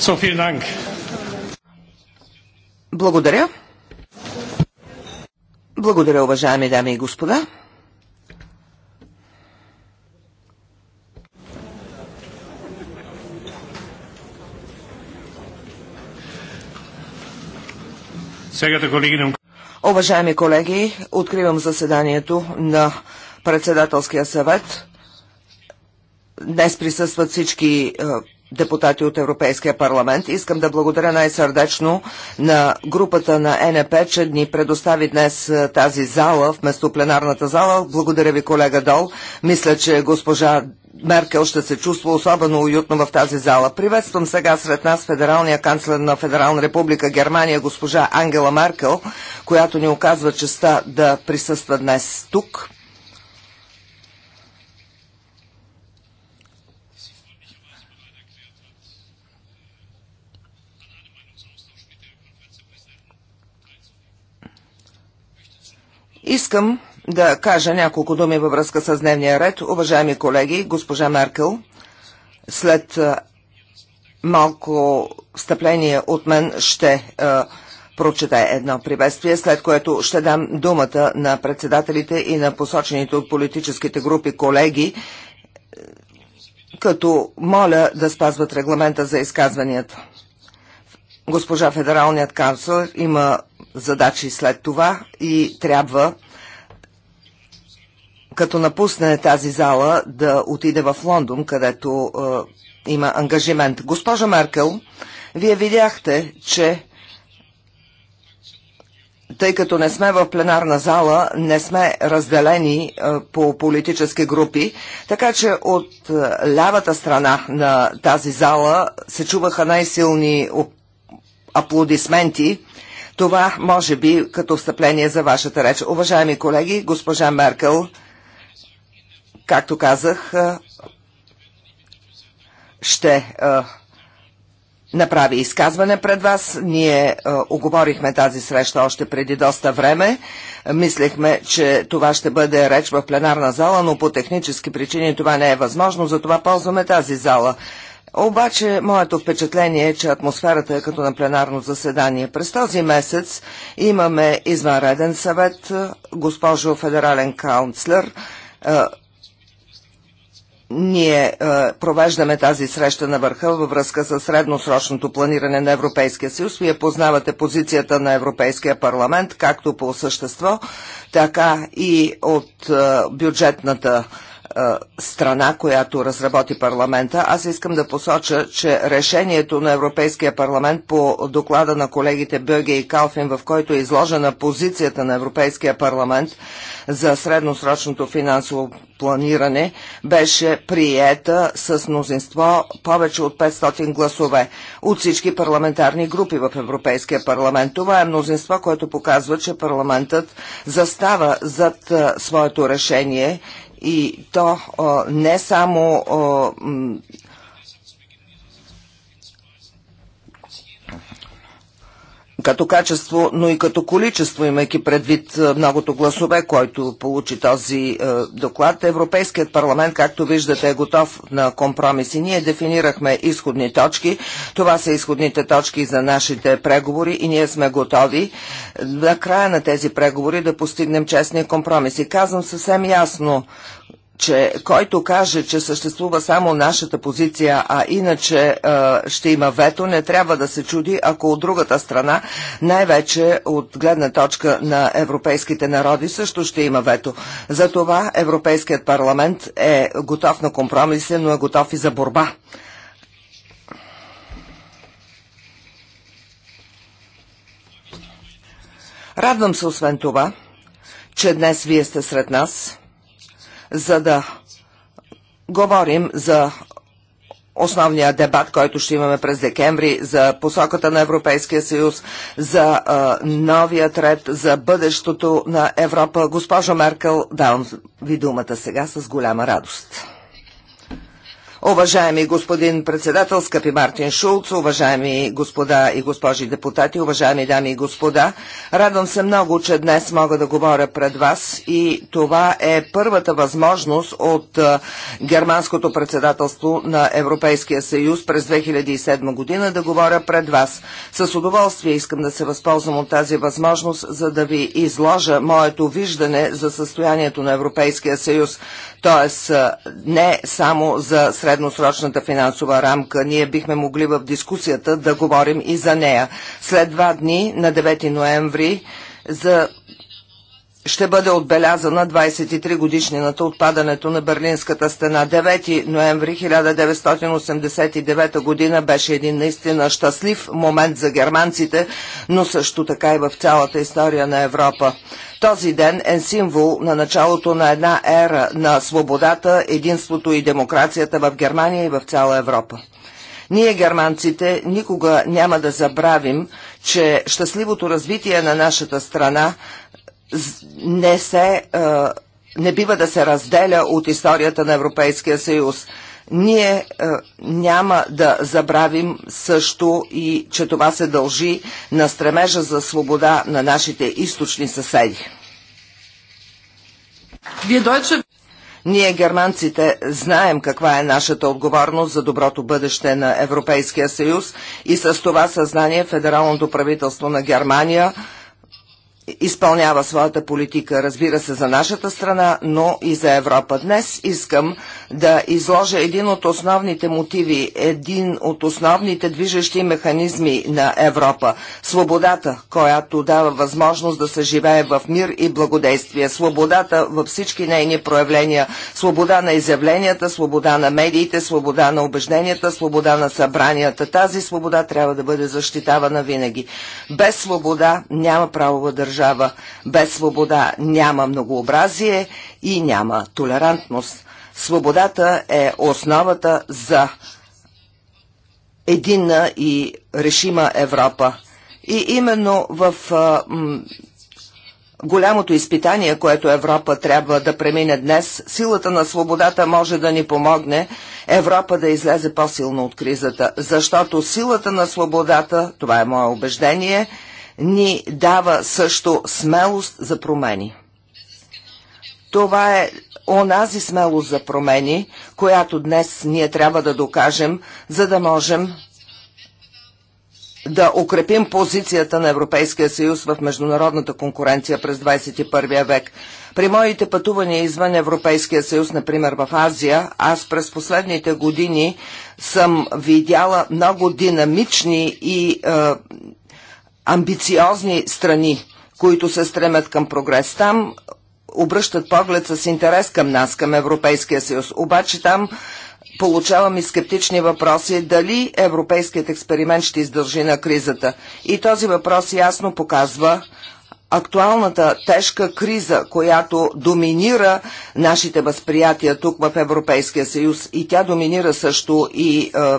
So, vielen Dank. Благодаря. Благодаря, уважаеми дами и господа. Уважаеми колеги, откривам заседанието на председателския съвет. Днес присъстват всички е, депутати от Европейския парламент. Искам да благодаря най-сърдечно на групата на НП, че ни предостави днес е, тази зала вместо пленарната зала. Благодаря ви, колега Дол. Мисля, че госпожа Меркел ще се чувства особено уютно в тази зала. Приветствам сега сред нас федералния канцлер на Федерална република Германия, госпожа Ангела Меркел, която ни оказва честа да присъства днес тук. Искам да кажа няколко думи във връзка с дневния ред. Уважаеми колеги, госпожа Меркел, след малко встъпление от мен ще прочета едно приветствие, след което ще дам думата на председателите и на посочените от политическите групи колеги, като моля да спазват регламента за изказванията. Госпожа федералният канцлер има задачи след това и трябва като напусне тази зала да отиде в Лондон, където е, има ангажимент. Госпожа Меркел, вие видяхте, че тъй като не сме в пленарна зала, не сме разделени е, по политически групи, така че от е, лявата страна на тази зала се чуваха най-силни аплодисменти това може би като встъпление за вашата реч. Уважаеми колеги, госпожа Меркел, както казах, ще направи изказване пред вас. Ние оговорихме тази среща още преди доста време. Мислехме, че това ще бъде реч в пленарна зала, но по технически причини това не е възможно, затова ползваме тази зала. Обаче, моето впечатление е, че атмосферата е като на пленарно заседание. През този месец имаме извънреден съвет, е, госпожо федерален каунцлер, е, ние е, провеждаме тази среща на върха във връзка с средносрочното планиране на Европейския съюз. Вие познавате позицията на Европейския парламент, както по същество, така и от бюджетната страна, която разработи парламента, аз искам да посоча, че решението на Европейския парламент по доклада на колегите Бърге и Калфин, в който е изложена позицията на Европейския парламент за средносрочното финансово планиране, беше приета с мнозинство повече от 500 гласове от всички парламентарни групи в Европейския парламент. Това е мнозинство, което показва, че парламентът застава зад своето решение и то не само като качество, но и като количество, имайки предвид е, многото гласове, който получи този е, доклад. Европейският парламент, както виждате, е готов на компромиси. Ние дефинирахме изходни точки. Това са изходните точки за нашите преговори и ние сме готови е, на края на тези преговори да постигнем честни компромиси. Казвам съвсем ясно, че който каже, че съществува само нашата позиция, а иначе а, е, ще има вето, не трябва да се чуди, ако от другата страна, най-вече от гледна точка на европейските народи, също ще има вето. Затова Европейският парламент е готов на компромиси, но е готов и за борба. Радвам се освен това, че днес вие сте сред нас за да говорим за основния дебат, който ще имаме през декември за посоката на Европейския съюз, за а, новият ред, за бъдещето на Европа. Госпожо Меркел, давам ви думата сега с голяма радост. Уважаеми господин председател, скъпи Мартин Шулц, уважаеми господа и госпожи депутати, уважаеми дами и господа, радвам се много, че днес мога да говоря пред вас и това е първата възможност от германското председателство на Европейския съюз през 2007 година да говоря пред вас. С удоволствие искам да се възползвам от тази възможност, за да ви изложа моето виждане за състоянието на Европейския съюз, т.е. не само за средството средносрочната финансова рамка. Ние бихме могли в дискусията да говорим и за нея. След два дни, на 9 ноември, за ще бъде отбелязана 23 годишнината от падането на Берлинската стена. 9 ноември 1989 година беше един наистина щастлив момент за германците, но също така и в цялата история на Европа. Този ден е символ на началото на една ера на свободата, единството и демокрацията в Германия и в цяла Европа. Ние, германците, никога няма да забравим, че щастливото развитие на нашата страна не се не бива да се разделя от историята на Европейския съюз. Ние е, няма да забравим също и, че това се дължи на стремежа за свобода на нашите източни съседи. Вие, дойче... Ние, германците, знаем каква е нашата отговорност за доброто бъдеще на Европейския съюз и с това съзнание Федералното правителство на Германия – изпълнява своята политика, разбира се, за нашата страна, но и за Европа. Днес искам да изложа един от основните мотиви, един от основните движещи механизми на Европа. Свободата, която дава възможност да се живее в мир и благодействие. Свободата във всички нейни проявления. Свобода на изявленията, свобода на медиите, свобода на убежденията, свобода на събранията. Тази свобода трябва да бъде защитавана винаги. Без свобода няма да държа държава. Без свобода няма многообразие и няма толерантност. Свободата е основата за единна и решима Европа. И именно в а, м, голямото изпитание, което Европа трябва да премине днес, силата на свободата може да ни помогне Европа да излезе по-силно от кризата, защото силата на свободата, това е мое убеждение, ни дава също смелост за промени. Това е онази смелост за промени, която днес ние трябва да докажем, за да можем да укрепим позицията на Европейския съюз в международната конкуренция през 21 век. При моите пътувания извън Европейския съюз, например в Азия, аз през последните години съм видяла много динамични и е, амбициозни страни, които се стремят към прогрес. Там обръщат поглед с интерес към нас, към Европейския съюз. Обаче там получавам и скептични въпроси дали европейският експеримент ще издържи на кризата. И този въпрос ясно показва актуалната тежка криза, която доминира нашите възприятия тук в Европейския съюз и тя доминира също и е,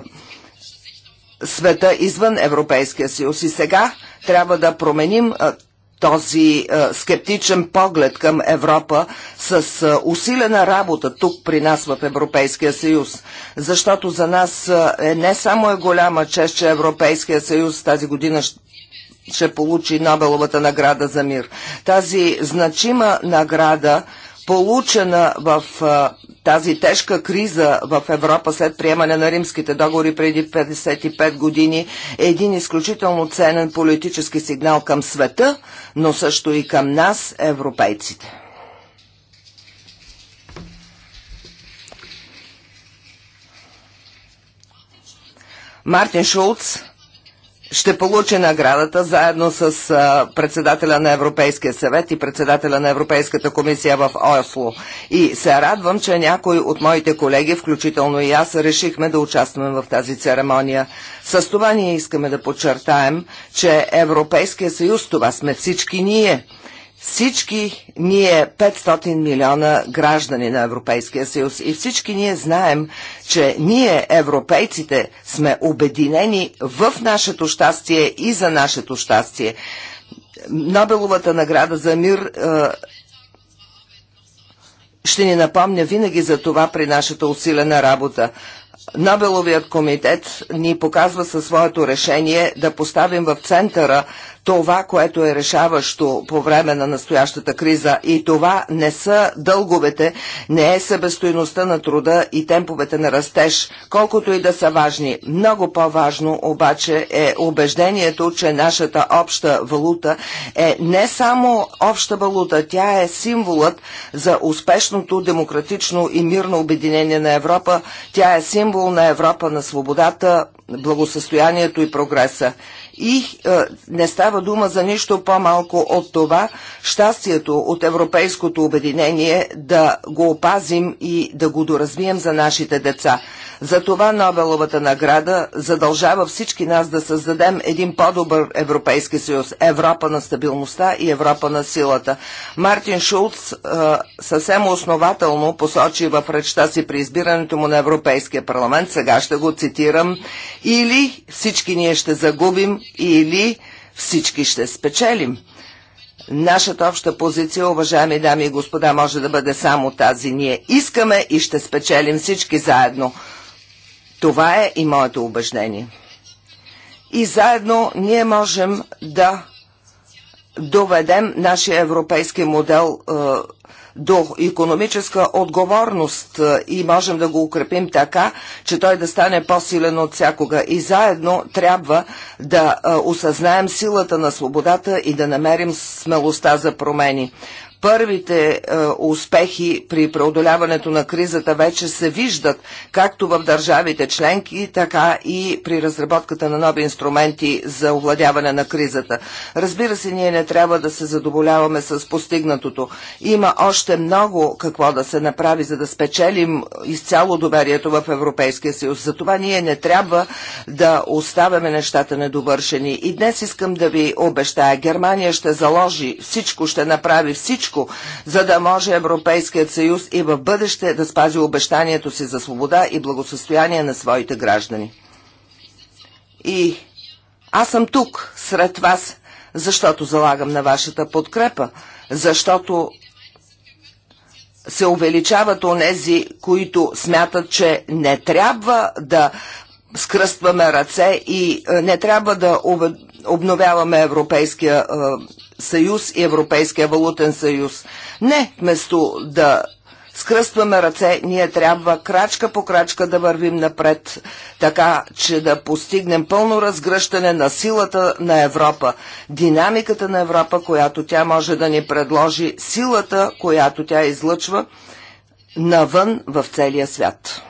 света извън Европейския съюз. И сега трябва да променим този скептичен поглед към Европа с усилена работа тук при нас в Европейския съюз. Защото за нас е, не само е голяма чест, че Европейския съюз тази година ще получи Нобеловата награда за мир. Тази значима награда, получена в тази тежка криза в Европа след приемане на римските договори преди 55 години е един изключително ценен политически сигнал към света, но също и към нас, европейците. Мартин Шулц ще получи наградата заедно с а, председателя на Европейския съвет и председателя на Европейската комисия в Осло. И се радвам, че някои от моите колеги, включително и аз, решихме да участваме в тази церемония. С това ние искаме да подчертаем, че Европейския съюз, това сме всички ние – всички ние 500 милиона граждани на Европейския съюз и всички ние знаем, че ние европейците сме обединени в нашето щастие и за нашето щастие. Нобеловата награда за мир е, ще ни напомня винаги за това при нашата усилена работа. Нобеловият комитет ни показва със своето решение да поставим в центъра това, което е решаващо по време на настоящата криза и това не са дълговете, не е събестойността на труда и темповете на растеж, колкото и да са важни. Много по-важно обаче е убеждението, че нашата обща валута е не само обща валута, тя е символът за успешното демократично и мирно обединение на Европа, тя е символ на Европа на свободата, благосъстоянието и прогреса. И е, не става дума за нищо по-малко от това щастието от европейското обединение да го опазим и да го доразвием за нашите деца. Затова Нобеловата награда задължава всички нас да създадем един по-добър Европейски съюз. Европа на стабилността и Европа на силата. Мартин Шулц е, съвсем основателно посочи в речта си при избирането му на Европейския парламент, сега ще го цитирам, или всички ние ще загубим, или всички ще спечелим. Нашата обща позиция, уважаеми дами и господа, може да бъде само тази. Ние искаме и ще спечелим всички заедно. Това е и моето убеждение. И заедно ние можем да доведем нашия европейски модел е, до економическа отговорност е, и можем да го укрепим така, че той да стане по-силен от всякога. И заедно трябва да е, осъзнаем силата на свободата и да намерим смелостта за промени първите е, успехи при преодоляването на кризата вече се виждат както в държавите членки, така и при разработката на нови инструменти за овладяване на кризата. Разбира се, ние не трябва да се задоволяваме с постигнатото. Има още много какво да се направи, за да спечелим изцяло доверието в Европейския съюз. Затова ние не трябва да оставяме нещата недовършени. И днес искам да ви обещая, Германия ще заложи всичко, ще направи всичко, всичко, за да може Европейският съюз и в бъдеще да спази обещанието си за свобода и благосъстояние на своите граждани. И аз съм тук, сред вас, защото залагам на вашата подкрепа, защото се увеличават онези, които смятат, че не трябва да скръстваме ръце и е, не трябва да обновяваме Европейския съюз и Европейския валутен съюз. Не, вместо да скръстваме ръце, ние трябва крачка по крачка да вървим напред, така че да постигнем пълно разгръщане на силата на Европа, динамиката на Европа, която тя може да ни предложи, силата, която тя излъчва навън в целия свят.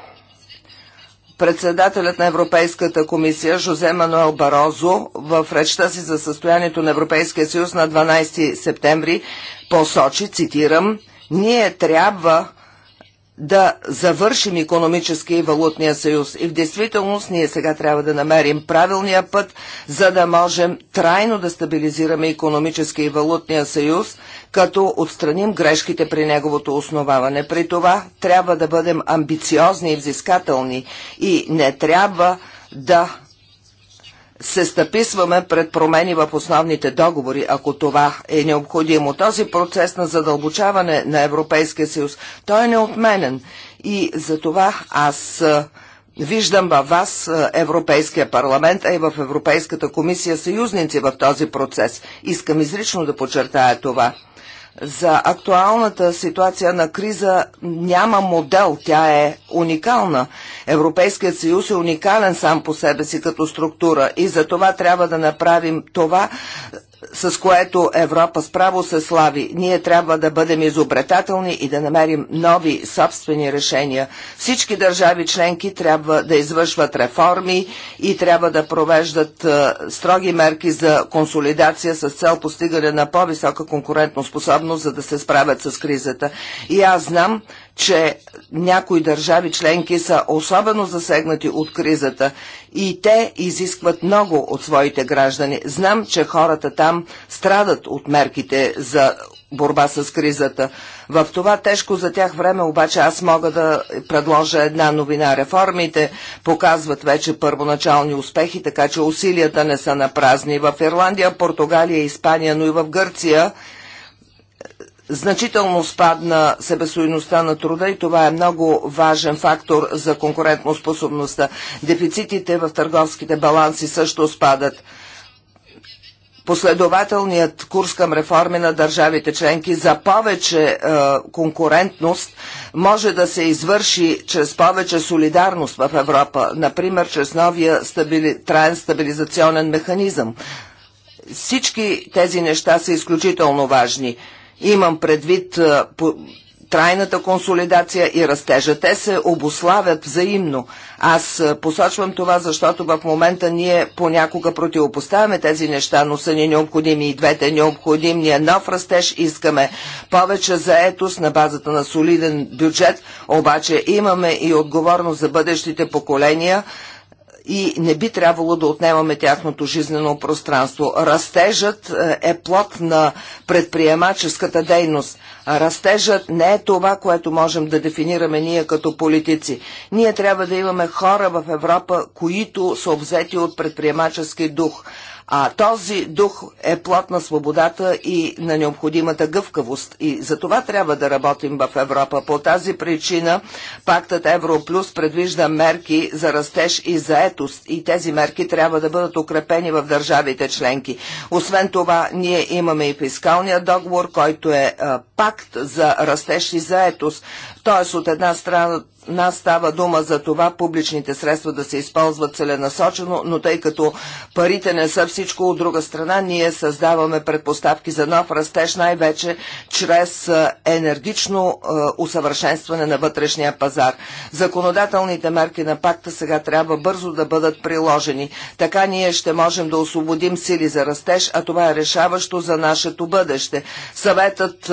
Председателят на Европейската комисия Жозе Мануел Барозо в речта си за състоянието на Европейския съюз на 12 септември посочи, цитирам, ние трябва да завършим економическия и валутния съюз. И в действителност ние сега трябва да намерим правилния път, за да можем трайно да стабилизираме економическия и валутния съюз, като отстраним грешките при неговото основаване. При това трябва да бъдем амбициозни и взискателни и не трябва да се стъписваме пред промени в основните договори, ако това е необходимо. Този процес на задълбочаване на Европейския съюз, той е неотменен и за това аз Виждам във вас, Европейския парламент, а и в Европейската комисия съюзници в този процес. Искам изрично да подчертая това. За актуалната ситуация на криза няма модел, тя е уникална. Европейският съюз е уникален сам по себе си като структура и за това трябва да направим това, с което Европа справо се слави. Ние трябва да бъдем изобретателни и да намерим нови собствени решения. Всички държави членки трябва да извършват реформи и трябва да провеждат е, строги мерки за консолидация с цел постигане на по-висока способност, за да се справят с кризата. И аз знам, че някои държави членки са особено засегнати от кризата и те изискват много от своите граждани. Знам, че хората там страдат от мерките за борба с кризата. В това тежко за тях време обаче аз мога да предложа една новина. Реформите показват вече първоначални успехи, така че усилията не са на празни. В Ирландия, Португалия, Испания, но и в Гърция Значително спадна себестойността на труда и това е много важен фактор за конкурентоспособността. Дефицитите в търговските баланси също спадат. Последователният курс към реформи на държавите членки за повече е, конкурентност може да се извърши чрез повече солидарност в Европа, например чрез новия стабили... траен стабилизационен механизъм. Всички тези неща са изключително важни. Имам предвид по трайната консолидация и растежа. Те се обославят взаимно. Аз посочвам това, защото в момента ние понякога противопоставяме тези неща, но са ни необходими и двете. необходими е нов растеж, искаме повече заетост на базата на солиден бюджет, обаче имаме и отговорност за бъдещите поколения – и не би трябвало да отнемаме тяхното жизнено пространство. Растежът е, е плод на предприемаческата дейност. Растежът не е това, което можем да дефинираме ние като политици. Ние трябва да имаме хора в Европа, които са обзети от предприемачески дух. А този дух е плод на свободата и на необходимата гъвкавост. И за това трябва да работим в Европа. По тази причина пактът Европлюс предвижда мерки за растеж и заетост. И тези мерки трябва да бъдат укрепени в държавите членки. Освен това, ние имаме и фискалния договор, който е а, пакт за растеж и заетост. Тоест, от една страна нас става дума за това публичните средства да се използват целенасочено, но тъй като парите не са всичко, от друга страна ние създаваме предпоставки за нов растеж най-вече чрез енергично усъвършенстване на вътрешния пазар. Законодателните мерки на пакта сега трябва бързо да бъдат приложени. Така ние ще можем да освободим сили за растеж, а това е решаващо за нашето бъдеще. Съветът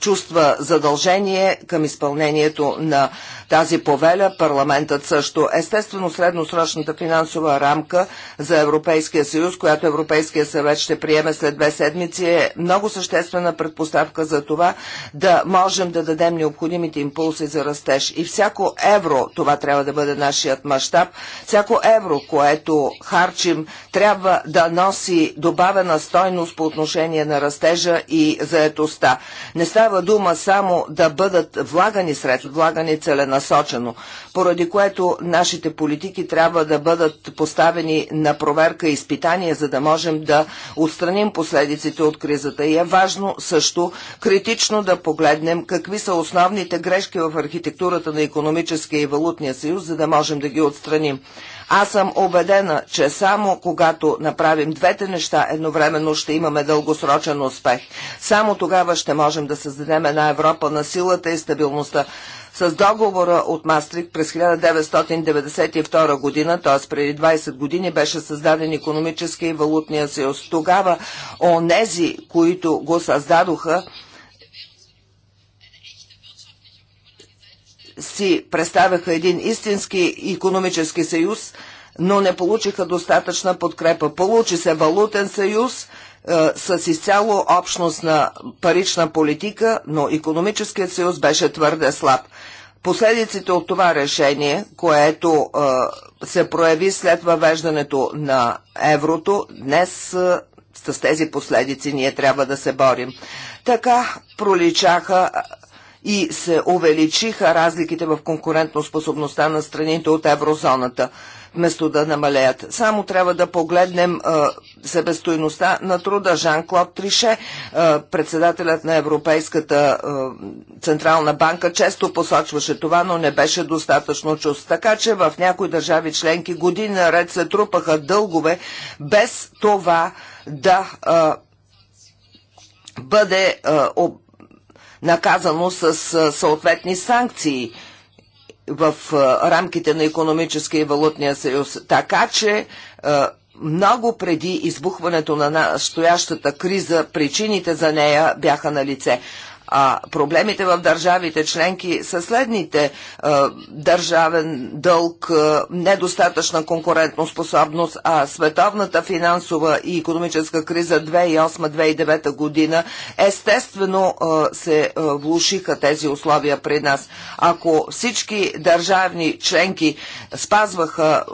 чувства задължение към изпълнението на тази тази повеля, парламентът също. Естествено, средносрочната финансова рамка за Европейския съюз, която Европейския съвет ще приеме след две седмици, е много съществена предпоставка за това да можем да дадем необходимите импулси за растеж. И всяко евро, това трябва да бъде нашият мащаб, всяко евро, което харчим, трябва да носи добавена стойност по отношение на растежа и заетостта. Не става дума само да бъдат влагани средства, влагани целенасочено, целенасочено, поради което нашите политики трябва да бъдат поставени на проверка и изпитания, за да можем да отстраним последиците от кризата. И е важно също критично да погледнем какви са основните грешки в архитектурата на економическия и валутния съюз, за да можем да ги отстраним. Аз съм убедена, че само когато направим двете неща едновременно ще имаме дългосрочен успех. Само тогава ще можем да създадем една Европа на силата и стабилността. С договора от Мастрик през 1992 година, т.е. преди 20 години, беше създаден економически и валутния съюз. Тогава онези, които го създадоха, си представяха един истински економически съюз, но не получиха достатъчна подкрепа. Получи се валутен съюз е, с изцяло общност на парична политика, но економическият съюз беше твърде слаб. Последиците от това решение, което е, се прояви след въвеждането на еврото, днес е, с тези последици ние трябва да се борим. Така проличаха и се увеличиха разликите в конкурентоспособността на страните от еврозоната, вместо да намалеят. Само трябва да погледнем а, себестойността на труда. Жан-Клод Трише, е, председателят на Европейската е, Централна банка, често посочваше това, но не беше достатъчно чувств. Така че в някои държави членки години наред се трупаха дългове без това да е, бъде наказано с съответни санкции в рамките на економическия и валутния съюз. Така че много преди избухването на настоящата криза, причините за нея бяха на лице. А проблемите в държавите членки са следните. Е, държавен дълг, е, недостатъчна конкурентоспособност, а световната финансова и економическа криза 2008-2009 година естествено е, се влушиха тези условия при нас. Ако всички държавни членки спазваха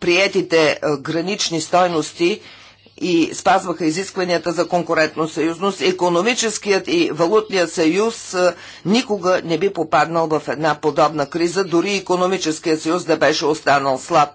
приетите гранични стойности и спазваха изискванията за съюзност, економическият и валутният съюз никога не би попаднал в една подобна криза, дори економическият съюз да беше останал слаб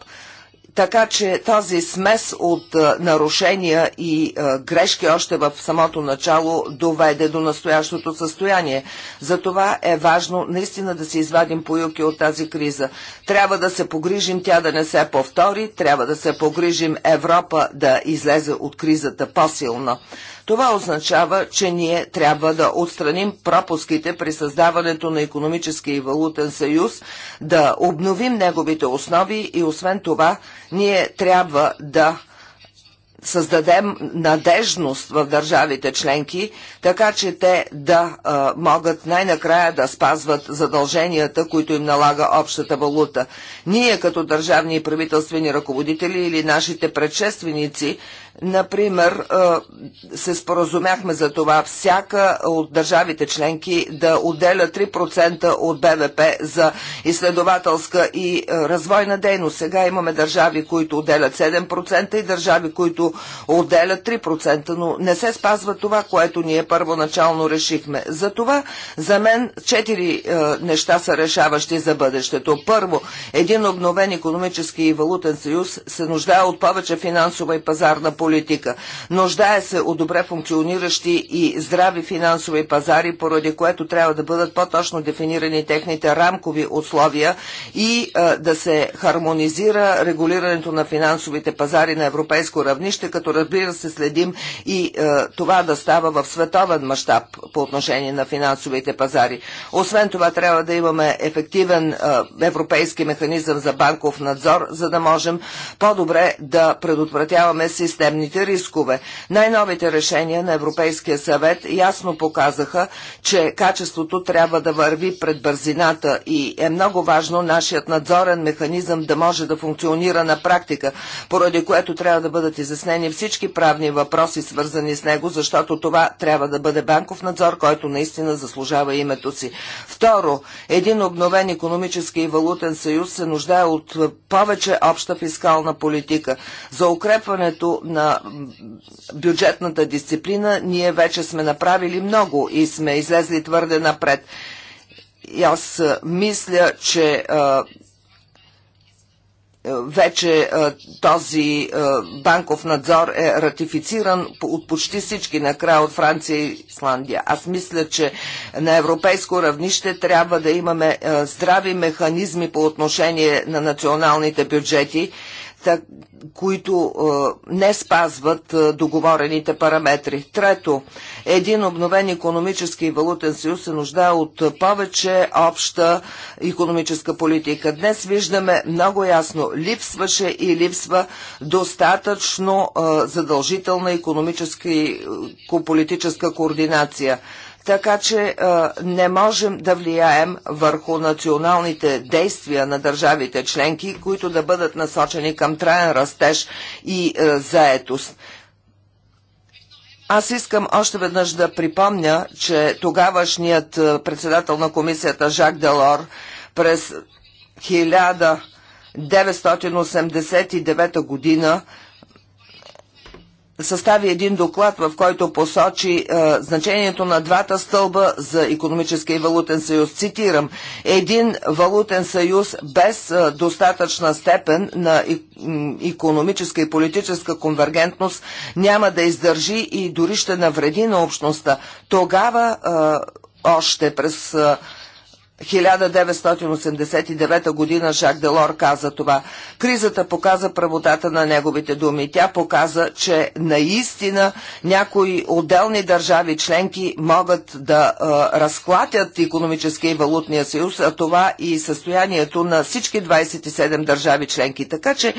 така че този смес от нарушения и грешки още в самото начало доведе до настоящото състояние. Затова е важно наистина да се извадим поюки от тази криза. Трябва да се погрижим тя да не се повтори, трябва да се погрижим Европа да излезе от кризата по-силна. Това означава, че ние трябва да отстраним пропуските при създаването на економически и валутен съюз, да обновим неговите основи и освен това ние трябва да създадем надежност в държавите членки, така че те да а, могат най-накрая да спазват задълженията, които им налага общата валута. Ние като държавни и правителствени ръководители или нашите предшественици Например, се споразумяхме за това всяка от държавите членки да отделя 3% от БВП за изследователска и развойна дейност. Сега имаме държави, които отделят 7% и държави, които отделят 3%, но не се спазва това, което ние първоначално решихме. За това за мен 4 неща са решаващи за бъдещето. Първо, един обновен економически и валутен съюз се нуждае от повече финансова и пазарна политика. Нуждае се от добре функциониращи и здрави финансови пазари, поради което трябва да бъдат по-точно дефинирани техните рамкови условия и а, да се хармонизира регулирането на финансовите пазари на европейско равнище, като разбира се следим и а, това да става в световен мащаб по отношение на финансовите пазари. Освен това трябва да имаме ефективен а, европейски механизъм за банков надзор, за да можем по-добре да предотвратяваме системата системните рискове. Най-новите решения на Европейския съвет ясно показаха, че качеството трябва да върви пред бързината и е много важно нашият надзорен механизъм да може да функционира на практика, поради което трябва да бъдат изяснени всички правни въпроси, свързани с него, защото това трябва да бъде банков надзор, който наистина заслужава името си. Второ, един обновен економически и валутен съюз се нуждае от повече обща фискална политика. За укрепването на на бюджетната дисциплина, ние вече сме направили много и сме излезли твърде напред. И аз мисля, че вече този банков надзор е ратифициран от почти всички накрая от Франция и Исландия. Аз мисля, че на европейско равнище трябва да имаме здрави механизми по отношение на националните бюджети които е, не спазват е, договорените параметри. Трето, един обновен економически и валутен съюз се нуждае от повече обща економическа политика. Днес виждаме много ясно, липсваше и липсва достатъчно е, задължителна економическа и политическа координация така че не можем да влияем върху националните действия на държавите членки, които да бъдат насочени към траен растеж и заетост. Аз искам още веднъж да припомня, че тогавашният председател на комисията Жак Делор през 1989 година състави един доклад, в който посочи е, значението на двата стълба за економическия и валутен съюз. Цитирам, един валутен съюз без е, достатъчна степен на е, економическа и политическа конвергентност няма да издържи и дори ще навреди на общността. Тогава е, още през е, 1989 година Жак Делор каза това. Кризата показа правотата на неговите думи. Тя показа, че наистина някои отделни държави членки могат да а, разклатят економическия и валутния съюз, а това и състоянието на всички 27 държави членки. Така че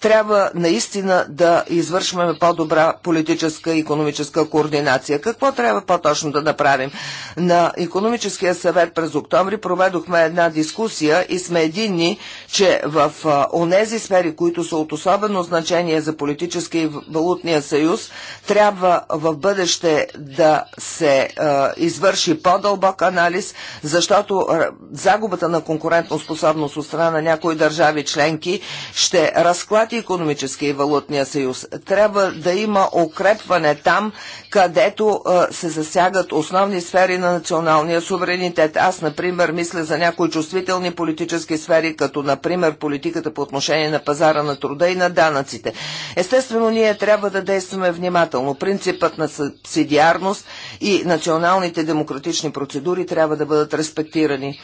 трябва наистина да извършваме по-добра политическа и економическа координация. Какво трябва по-точно да направим? На економическия съвет през октомври проведохме една дискусия и сме единни, че в онези сфери, които са от особено значение за политически и валутния съюз, трябва в бъдеще да се извърши по-дълбок анализ, защото загубата на конкурентоспособност от страна на някои държави членки ще разклати економически и валутния съюз. Трябва да има укрепване там, където се засягат основни сфери на националния суверенитет. Аз, например, мисля за някои чувствителни политически сфери, като например политиката по отношение на пазара на труда и на данъците. Естествено, ние трябва да действаме внимателно. Принципът на субсидиарност и националните демократични процедури трябва да бъдат респектирани.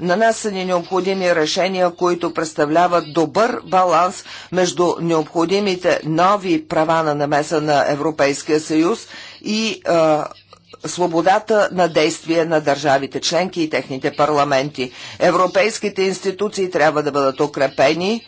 На нас са ни необходими решения, които представляват добър баланс между необходимите нови права на намеса на Европейския съюз и а, свободата на действие на държавите членки и техните парламенти. Европейските институции трябва да бъдат укрепени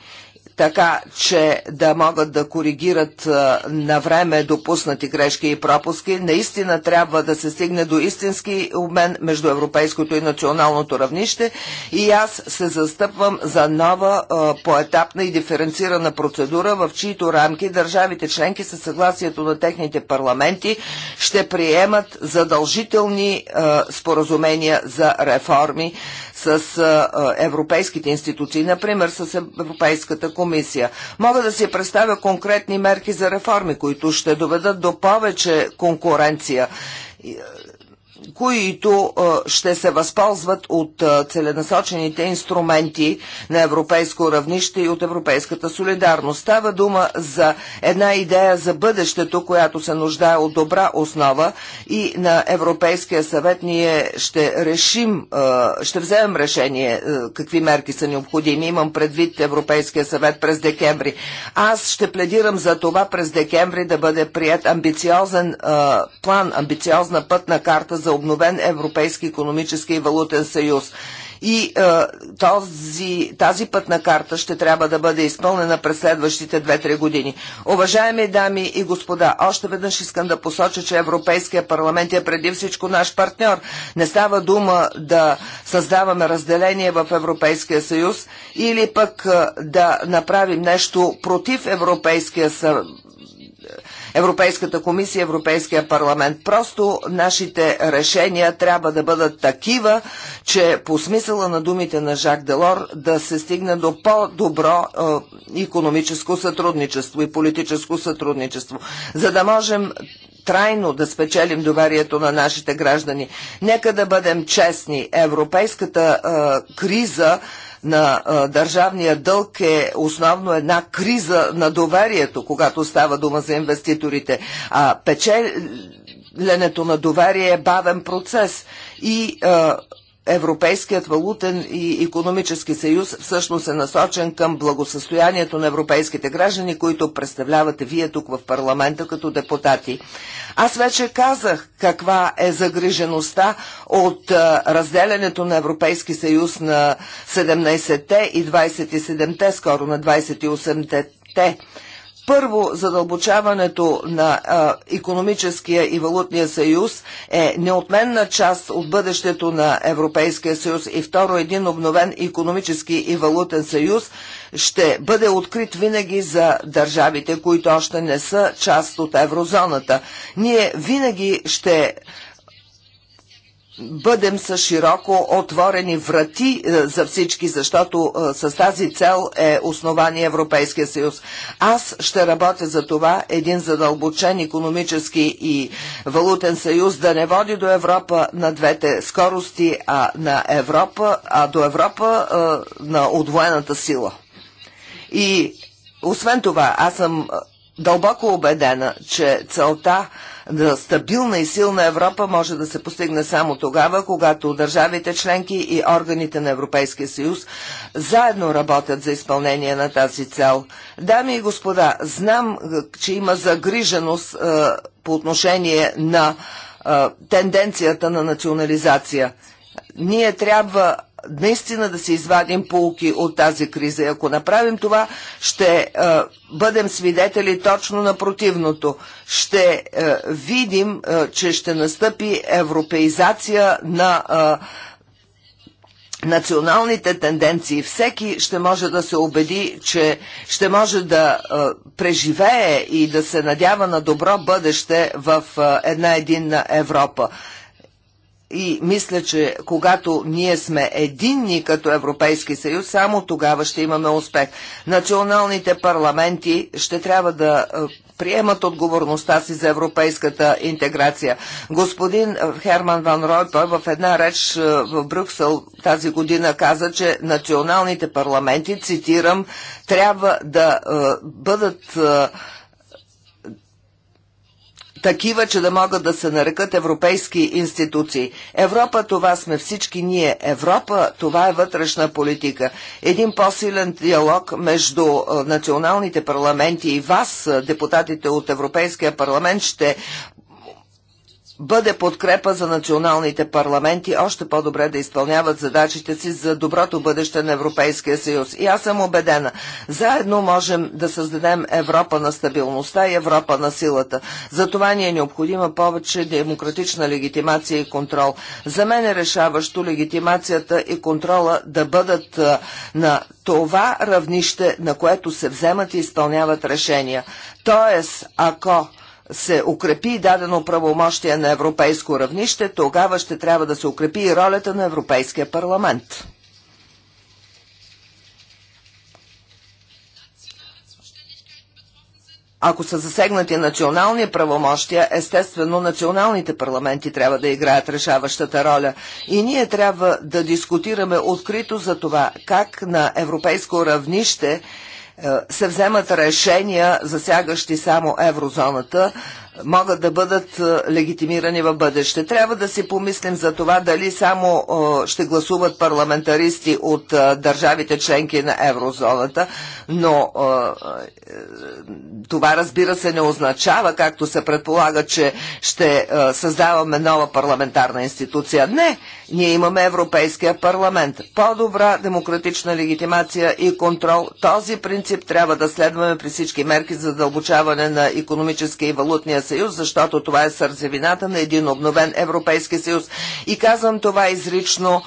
така че да могат да коригират на време допуснати грешки и пропуски. Наистина трябва да се стигне до истински обмен между европейското и националното равнище и аз се застъпвам за нова поетапна и диференцирана процедура, в чието рамки държавите членки със съгласието на техните парламенти ще приемат задължителни споразумения за реформи, с европейските институции, например с Европейската комисия. Мога да си представя конкретни мерки за реформи, които ще доведат до повече конкуренция които ще се възползват от целенасочените инструменти на европейско равнище и от европейската солидарност. Става дума за една идея за бъдещето, която се нуждае от добра основа и на Европейския съвет ние ще решим, ще вземем решение какви мерки са необходими. Имам предвид Европейския съвет през декември. Аз ще пледирам за това през декември да бъде прият амбициозен план, амбициозна пътна карта за обновен Европейски економически и валутен съюз. И е, този, тази пътна карта ще трябва да бъде изпълнена през следващите 2-3 години. Уважаеми дами и господа, още веднъж искам да посоча, че Европейския парламент е преди всичко наш партньор. Не става дума да създаваме разделение в Европейския съюз или пък е, да направим нещо против Европейския съюз Европейската комисия, Европейския парламент. Просто нашите решения трябва да бъдат такива, че по смисъла на думите на Жак Делор да се стигне до по-добро економическо сътрудничество и политическо сътрудничество, за да можем трайно да спечелим доверието на нашите граждани. Нека да бъдем честни. Европейската е, криза на а, държавния дълг е основно една криза на доверието, когато става дума за инвеститорите. А печеленето на доверие е бавен процес и а, Европейският валутен и економически съюз всъщност е насочен към благосъстоянието на европейските граждани, които представлявате вие тук в парламента като депутати. Аз вече казах каква е загрижеността от разделянето на Европейски съюз на 17-те и 27-те, скоро на 28-те първо, задълбочаването на а, економическия и валутния съюз е неотменна част от бъдещето на Европейския съюз и второ, един обновен економически и валутен съюз ще бъде открит винаги за държавите, които още не са част от еврозоната. Ние винаги ще бъдем с широко отворени врати е, за всички, защото е, с тази цел е основание Европейския съюз. Аз ще работя за това един задълбочен економически и валутен съюз да не води до Европа на двете скорости, а, на Европа, а до Европа а, е, на отвоената сила. И освен това, аз съм дълбоко убедена, че целта да стабилна и силна Европа може да се постигне само тогава, когато държавите членки и органите на Европейския съюз заедно работят за изпълнение на тази цел. Дами и господа, знам, е, че има загриженост е, по отношение на е, тенденцията на национализация. Ние трябва наистина да се извадим полки от тази криза. И ако направим това, ще а, е, бъдем свидетели точно на противното. Ще а, е, видим, а, е, че ще настъпи европеизация на а, националните тенденции. Всеки ще може да се убеди, че ще може да а, преживее и да се надява на добро бъдеще в а, една единна Европа. И мисля, че когато ние сме единни като Европейски съюз, само тогава ще имаме успех. Националните парламенти ще трябва да е, приемат отговорността си за европейската интеграция. Господин е, Херман Ван той в една реч е, в Брюксел тази година каза, че националните парламенти, цитирам, трябва да бъдат такива, че да могат да се нарекат европейски институции. Европа това сме всички ние. Европа това е вътрешна политика. Един по-силен диалог между националните парламенти и вас, депутатите от Европейския парламент, ще бъде подкрепа за националните парламенти още по-добре да изпълняват задачите си за доброто бъдеще на Европейския съюз. И аз съм убедена, заедно можем да създадем Европа на стабилността и Европа на силата. За това ни е необходима повече демократична легитимация и контрол. За мен е решаващо легитимацията и контрола да бъдат на това равнище, на което се вземат и изпълняват решения. Тоест, ако се укрепи дадено правомощие на европейско равнище, тогава ще трябва да се укрепи и ролята на Европейския парламент. Ако са засегнати национални правомощия, естествено националните парламенти трябва да играят решаващата роля. И ние трябва да дискутираме открито за това как на европейско равнище е, се вземат решения, засягащи само еврозоната, могат да бъдат е, легитимирани в бъдеще. Трябва да си помислим за това дали само е, ще гласуват парламентаристи от държавите членки на еврозоната, но това разбира се не означава, както се предполага, че ще създаваме нова парламентарна институция. Не, ние имаме Европейския парламент. По-добра демократична легитимация и контрол. Този принцип трябва да следваме при всички мерки за задълбочаване на економическия и валутния съюз, защото това е сърцевината на един обновен Европейски съюз. И казвам това изрично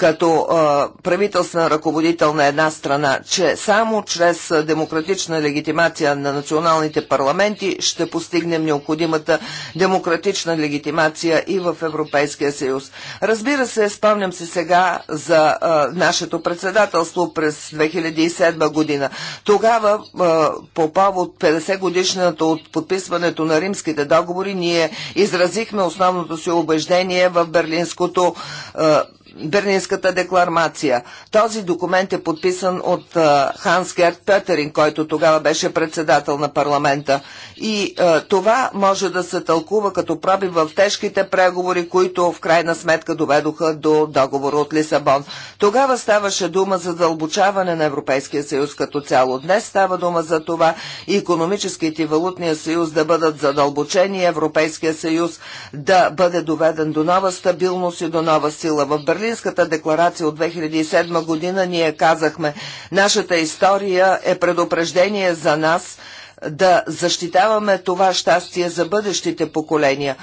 като а, правителствен ръководител на една страна, че само чрез демократична легитимация на националните парламенти ще постигнем необходимата демократична легитимация и в Европейския съюз. Разбира се, спомням се сега за а, нашето председателство през 2007 година. Тогава, а, по повод 50 годишната от подписването на римските договори, ние изразихме основното си убеждение в Берлинското а, Берлинската декларация. Този документ е подписан от а, Ханс Герт Петерин, който тогава беше председател на парламента. И а, това може да се тълкува като проби в тежките преговори, които в крайна сметка доведоха до договора от Лисабон. Тогава ставаше дума за дълбочаване на Европейския съюз като цяло. Днес става дума за това и економическите и валутния съюз да бъдат задълбочени, Европейския съюз да бъде доведен до нова стабилност и до нова сила в Берлин Берлинската декларация от 2007 година ние казахме, нашата история е предупреждение за нас – да защитаваме това щастие за бъдещите поколения.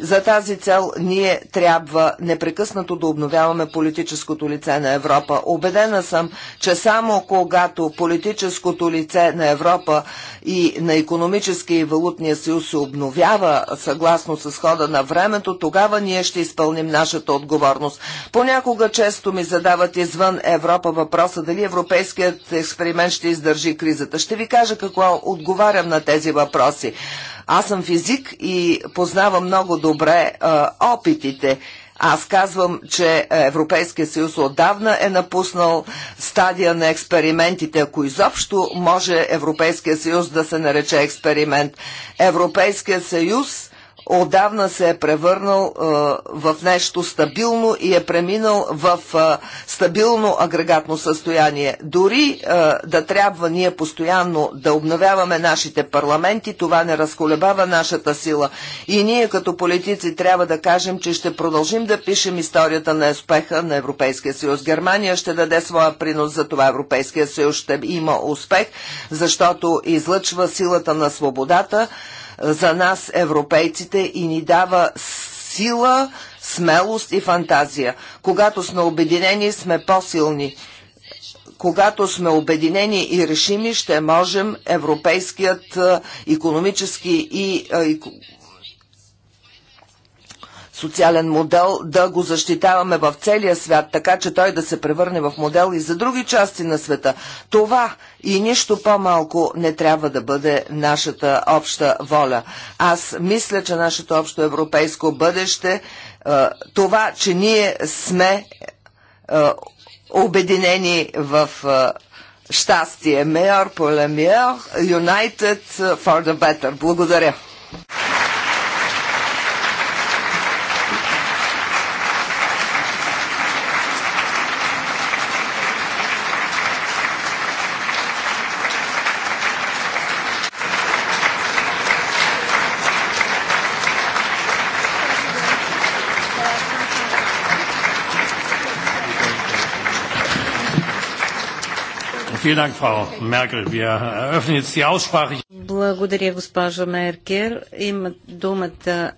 За тази цел ние трябва непрекъснато да обновяваме политическото лице на Европа. Обедена съм, че само когато политическото лице на Европа и на економическия и валутния съюз се обновява съгласно с хода на времето, тогава ние ще изпълним нашата отговорност. Понякога често ми задават извън Европа въпроса дали европейският експеримент ще издържи кризата. Ще ви кажа какво отговарям на тези въпроси. Аз съм физик и познавам много добре а, опитите. Аз казвам, че е, Европейския съюз отдавна е напуснал стадия на експериментите, ако изобщо може Европейския съюз да се нарече експеримент. Европейския съюз отдавна се е превърнал в нещо стабилно и е преминал в стабилно агрегатно състояние. Дори да трябва ние постоянно да обновяваме нашите парламенти, това не разколебава нашата сила. И ние като политици трябва да кажем, че ще продължим да пишем историята на успеха на Европейския съюз. Германия ще даде своя принос за това. Европейския съюз ще има успех, защото излъчва силата на свободата, за нас, европейците, и ни дава сила, смелост и фантазия. Когато сме обединени, сме по-силни. Когато сме обединени и решими, ще можем европейският економически и е, социален модел, да го защитаваме в целия свят, така че той да се превърне в модел и за други части на света. Това и нищо по-малко не трябва да бъде нашата обща воля. Аз мисля, че нашето общо европейско бъдеще, е, това, че ние сме е, обединени в е, щастие. Мейор, полемиор, Лемиор, United for the Better. Благодаря. Благодаря, госпожо Меркер. Има думата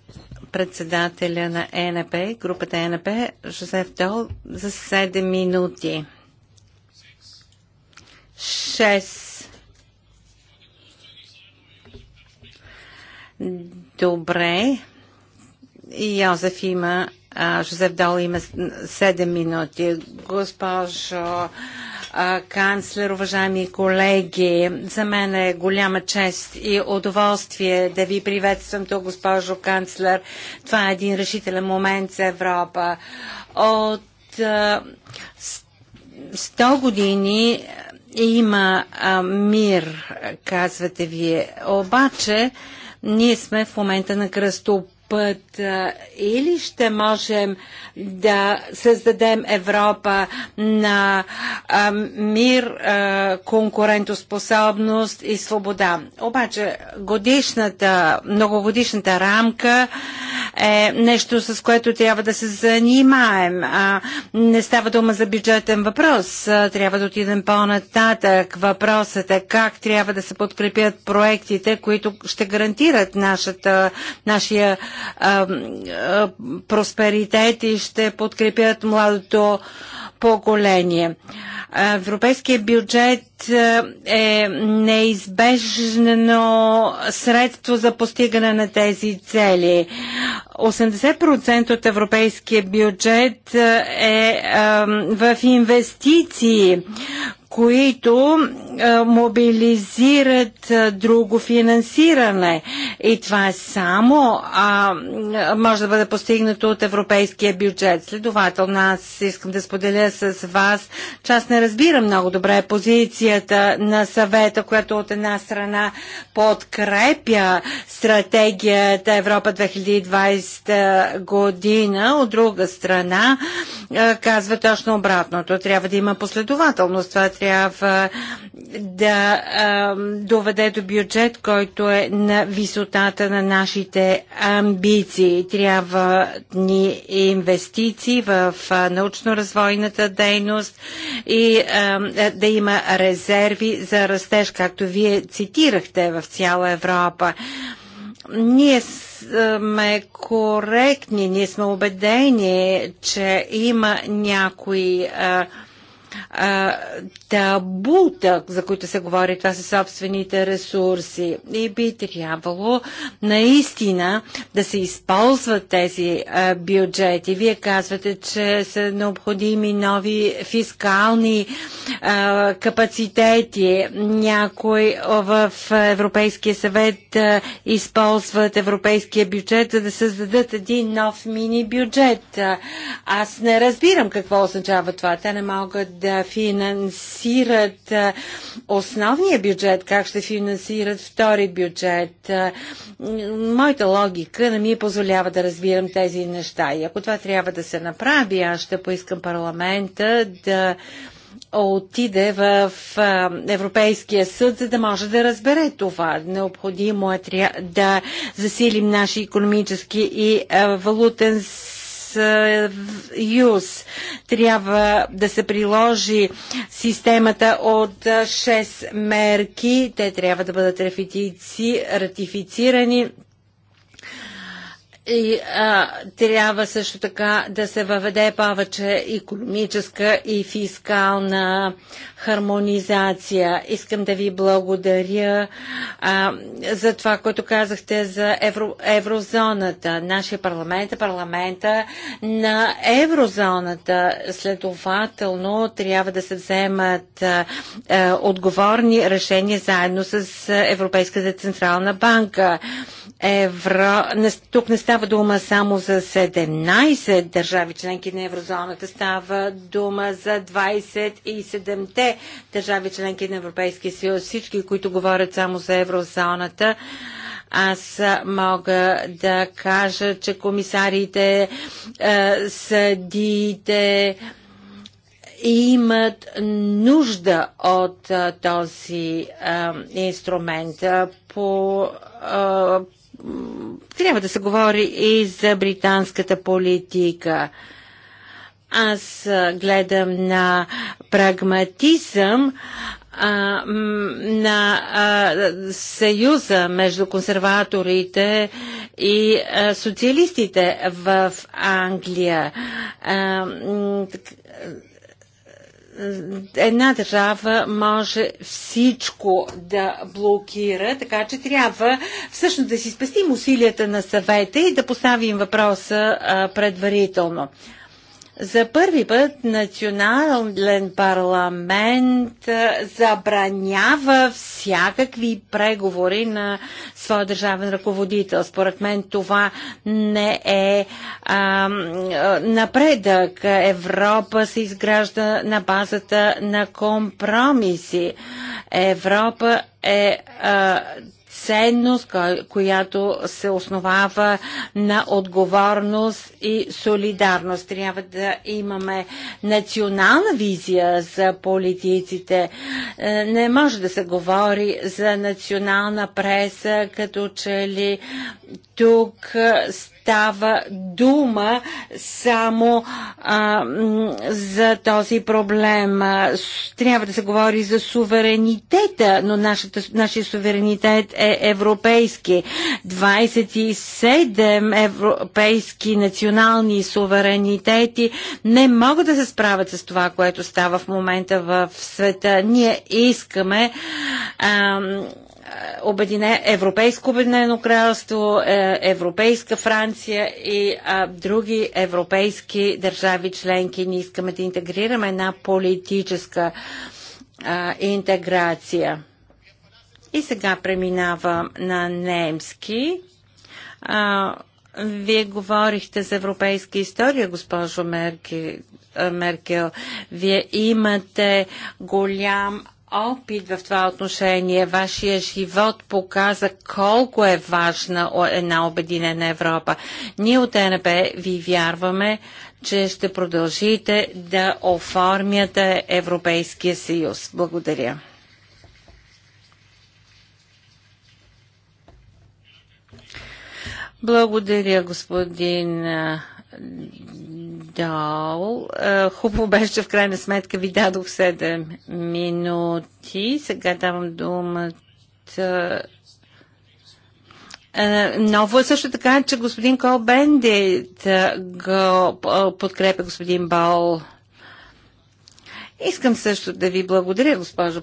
председателя на ЕНП, групата ЕНП, Жозеф Дол, за 7 минути. 6. Добре. Йозеф има, а, Жозеф Дол има 7 минути. Госпожо канцлер, уважаеми колеги. За мен е голяма чест и удоволствие да ви приветствам тук, госпожо канцлер. Това е един решителен момент за Европа. От 100 години е, има мир, казвате вие. Обаче, ние сме в момента на кръстопът път или ще можем да създадем Европа на мир, конкурентоспособност и свобода. Обаче годишната, многогодишната рамка е нещо, с което трябва да се занимаем. Не става дума за бюджетен въпрос. Трябва да отидем по-нататък. Въпросът е как трябва да се подкрепят проектите, които ще гарантират нашата, нашия просперитет и ще подкрепят младото поколение. Европейският бюджет е неизбежно средство за постигане на тези цели. 80% от европейския бюджет е в инвестиции, които е, мобилизират е, друго финансиране. И това е само а, може да бъде постигнато от европейския бюджет. Следователно, аз искам да споделя с вас, че аз не разбирам много добре позицията на съвета, която от една страна подкрепя стратегията Европа 2020 година, от друга страна казва точно обратното. Трябва да има последователност. Това трябва да а, доведе до бюджет, който е на висотата на нашите амбиции. Трябва ни инвестиции в научно-развойната дейност и а, да има резерви за растеж, както вие цитирахте в цяла Европа. Ние сме коректни, ние сме убедени, че има някои а, табута, за които се говори, това са собствените ресурси. И би трябвало наистина да се използват тези бюджети. Вие казвате, че са необходими нови фискални капацитети. Някой в Европейския съвет използват европейския бюджет, за да създадат един нов мини бюджет. Аз не разбирам какво означава това. Те не могат да да финансират основния бюджет, как ще финансират втори бюджет. Моята логика не ми позволява да разбирам тези неща. И ако това трябва да се направи, аз ще поискам парламента да отиде в Европейския съд, за да може да разбере това. Необходимо е да засилим нашия економически и валутен съд е, съюз. Трябва да се приложи системата от 6 мерки. Те трябва да бъдат ратифицирани и а, трябва също така да се въведе повече економическа и фискална хармонизация. Искам да ви благодаря а, за това, което казахте за евро, еврозоната. Нашия парламент е парламента на еврозоната. Следователно трябва да се вземат а, а, отговорни решения заедно с Европейската централна банка. А, евро. тук не става дума само за 17 държави членки на еврозоната, става дума за 27-те държави членки на Европейския съюз. Всички, които говорят само за еврозоната, аз мога да кажа, че комисарите, е, съдиите, имат нужда от е, този е, инструмент. по трябва да се говори и за британската политика. Аз гледам на прагматизъм а, на а, съюза между консерваторите и а, социалистите в Англия. А, една държава може всичко да блокира, така че трябва всъщност да си спестим усилията на съвета и да поставим въпроса а, предварително. За първи път национален парламент забранява всякакви преговори на своя държавен ръководител. Според мен това не е а, напредък. Европа се изгражда на базата на компромиси. Европа е а, ценност, която се основава на отговорност и солидарност. Трябва да имаме национална визия за политиците. Е, не може да се говори за национална преса, като че ли тук става дума само а, за този проблем. Трябва да се говори за суверенитета, но нашата, нашия суверенитет е европейски. 27 европейски национални суверенитети не могат да се справят с това, което става в момента в света. Ние искаме а, обедине, Европейско обединено кралство, е, Европейска Франция и а, други европейски държави членки. Ние искаме да интегрираме една политическа а, интеграция. И сега преминавам на немски. А, вие говорихте за европейска история, госпожо Мерки, Меркел. Вие имате голям опит в това отношение. Вашия живот показа колко е важна една обединена Европа. Ние от ЕНП ви вярваме, че ще продължите да оформяте Европейския съюз. Благодаря. Благодаря, господин Дол. Е, хубаво беше, че в крайна сметка ви дадох 7 минути. Сега давам думата. Е, ново е също така, че господин Кол Бендит е, го подкрепя господин Бал. Искам също да ви благодаря, госпожо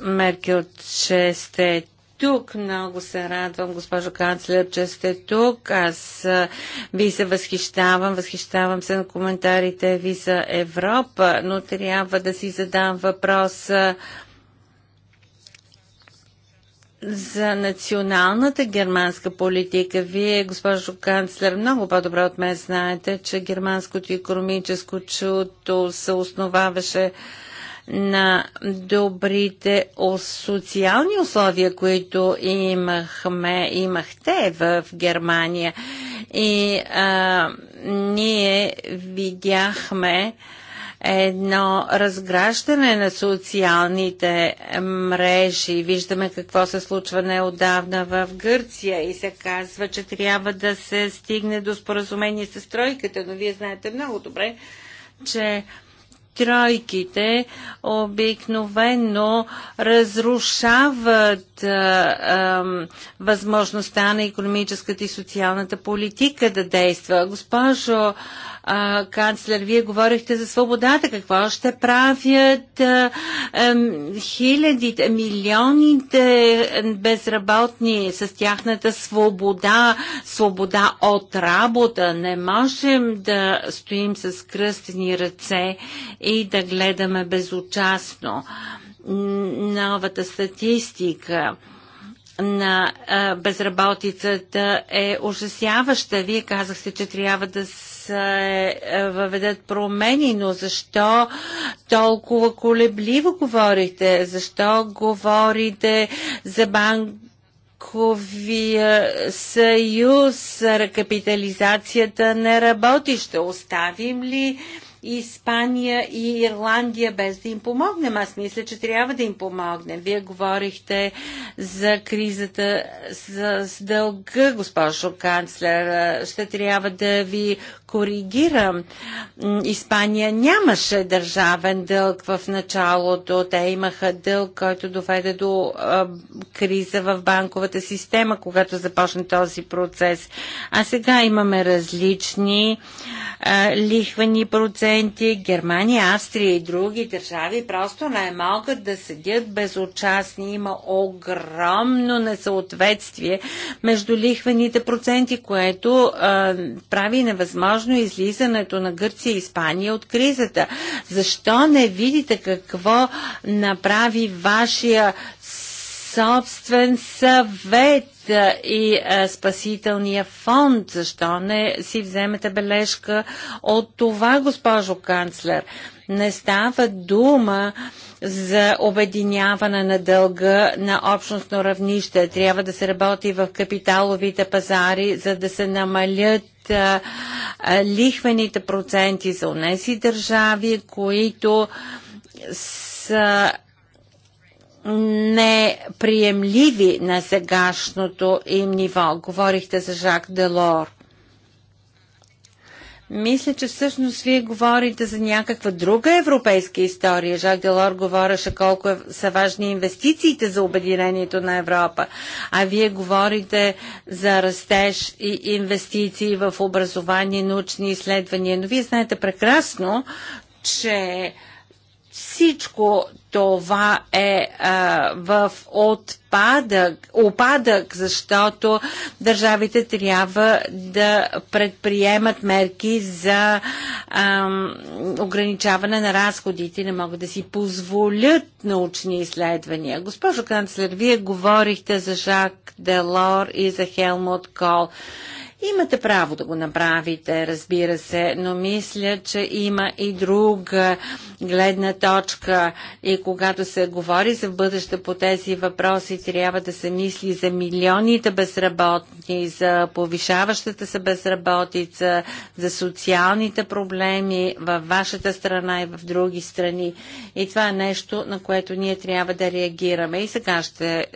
Меркел, че сте тук. Много се радвам, госпожо канцлер, че сте тук. Аз ви се възхищавам, възхищавам се на коментарите ви за Европа, но трябва да си задам въпрос за националната германска политика. Вие, госпожо канцлер, много по-добре от мен знаете, че германското економическо чудо се основаваше на добрите социални условия, които имахме, имахте в Германия. И а, ние видяхме едно разграждане на социалните мрежи. Виждаме какво се случва неодавна в Гърция и се казва, че трябва да се стигне до споразумение с тройката, но вие знаете много добре, че тройките обикновено разрушават а, а, възможността на економическата и социалната политика да действа. Госпожо а, канцлер, вие говорихте за свободата. Какво ще правят а, а, хилядите, милионите безработни с тяхната свобода, свобода от работа? Не можем да стоим с кръстени ръце и да гледаме безучастно новата статистика на безработицата е ужасяваща. Вие казахте, че трябва да се въведат промени, но защо толкова колебливо говорите? Защо говорите за банк Банковия съюз, рекапитализацията не работи. Ще оставим ли Испания и Ирландия без да им помогнем. Аз мисля, че трябва да им помогнем. Вие говорихте за кризата с, с дълга, госпожо канцлер. Ще трябва да ви коригирам. Испания нямаше държавен дълг в началото. Те имаха дълг, който доведе до а, криза в банковата система, когато започна този процес. А сега имаме различни а, лихвени проценти. Германия, Австрия и други държави просто не могат да седят безучастни. Има огромно несъответствие между лихвените проценти, което а, прави невъзможно възможно излизането на Гърция и Испания от кризата? Защо не видите какво направи вашия собствен съвет и е, спасителния фонд. Защо не си вземете бележка от това, госпожо канцлер? Не става дума за обединяване на дълга на общностно равнище. Трябва да се работи в капиталовите пазари, за да се намалят лихвените проценти за унеси държави, които са неприемливи на сегашното им ниво. Говорихте за Жак Делор. Мисля, че всъщност вие говорите за някаква друга европейска история. Жак Делор говореше колко е- са важни инвестициите за обединението на Европа, а вие говорите за растеж и инвестиции в образование, научни изследвания. Но вие знаете прекрасно, че всичко това е а, в отпадък, опадък, защото държавите трябва да предприемат мерки за а, ограничаване на разходите и не могат да си позволят научни изследвания. Госпожо канцлер, вие говорихте за Жак Делор и за Хелмут Кол. Имате право да го направите, разбира се, но мисля, че има и друга гледна точка. И когато се говори за бъдеще по тези въпроси, трябва да се мисли за милионите безработни, за повишаващата се безработица, за социалните проблеми във вашата страна и в други страни. И това е нещо, на което ние трябва да реагираме. И сега ще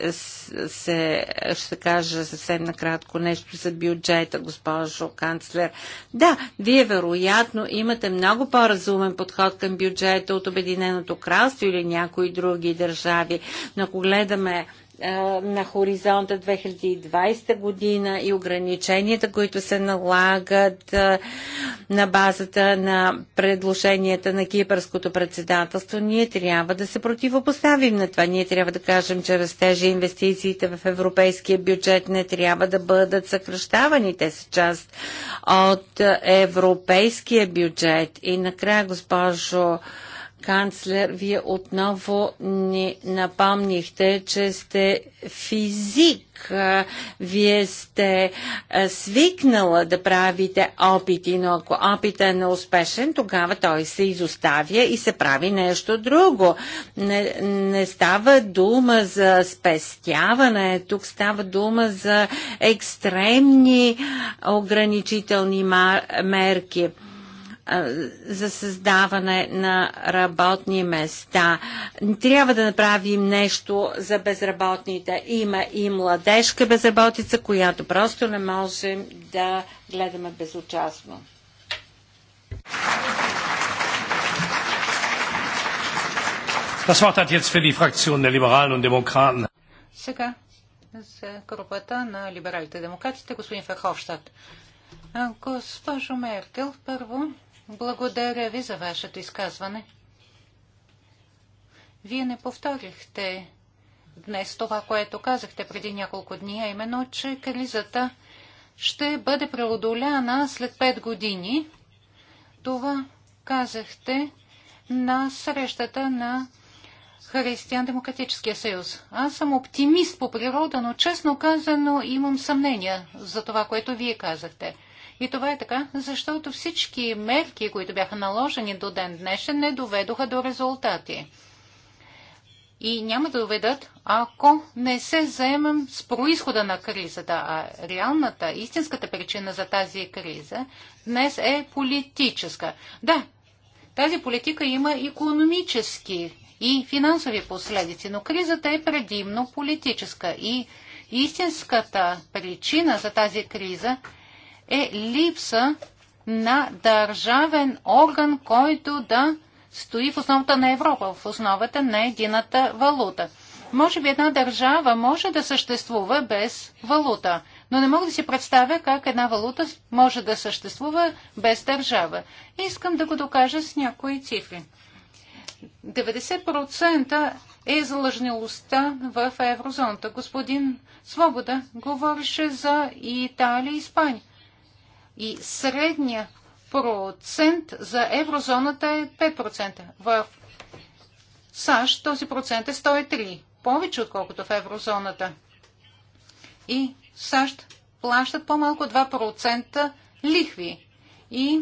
се, ще кажа съвсем накратко нещо за бюджета, госпожо канцлер. Да, вие вероятно имате много по-разумен подход към бюджета от Обединеното кралство или някои други държави. Но ако гледаме на хоризонта 2020 година и ограниченията, които се налагат на базата на предложенията на кипърското председателство, ние трябва да се противопоставим на това. Ние трябва да кажем, че растежи инвестициите в европейския бюджет не трябва да бъдат съкръщавани. Те са част от европейския бюджет. И накрая, госпожо канцлер, вие отново ни напомнихте, че сте физик. Вие сте свикнала да правите опити, но ако опита е неуспешен, тогава той се изоставя и се прави нещо друго. Не, не става дума за спестяване, тук става дума за екстремни ограничителни мерки за създаване на работни места. Трябва да направим нещо за безработните. Има и младежка безработица, която просто не можем да гледаме безучастно. Das Wort hat jetzt für die Fraktion der Liberalen und Demokraten. Сега за групата на либералите и демократите, господин Ферховщад. Госпожо Меркел, първо благодаря ви за вашето изказване. Вие не повторихте днес това, което казахте преди няколко дни, а именно, че кризата ще бъде преодоляна след 5 години. Това казахте на срещата на Християн-демократическия съюз. Аз съм оптимист по природа, но честно казано имам съмнения за това, което вие казахте. И това е така, защото всички мерки, които бяха наложени до ден днешен, не доведоха до резултати. И няма да доведат, ако не се заемем с происхода на кризата. А реалната, истинската причина за тази криза днес е политическа. Да, тази политика има економически и финансови последици, но кризата е предимно политическа и истинската причина за тази криза е липса на държавен орган, който да стои в основата на Европа, в основата на едината валута. Може би една държава може да съществува без валута, но не мога да си представя как една валута може да съществува без държава. Искам да го докажа с някои цифри. 90% е залъжнилостта в еврозоната. Господин Свобода говореше за Италия и Испания и средния процент за еврозоната е 5%. В САЩ този процент е 103, повече отколкото в еврозоната. И САЩ плащат по-малко 2% лихви. И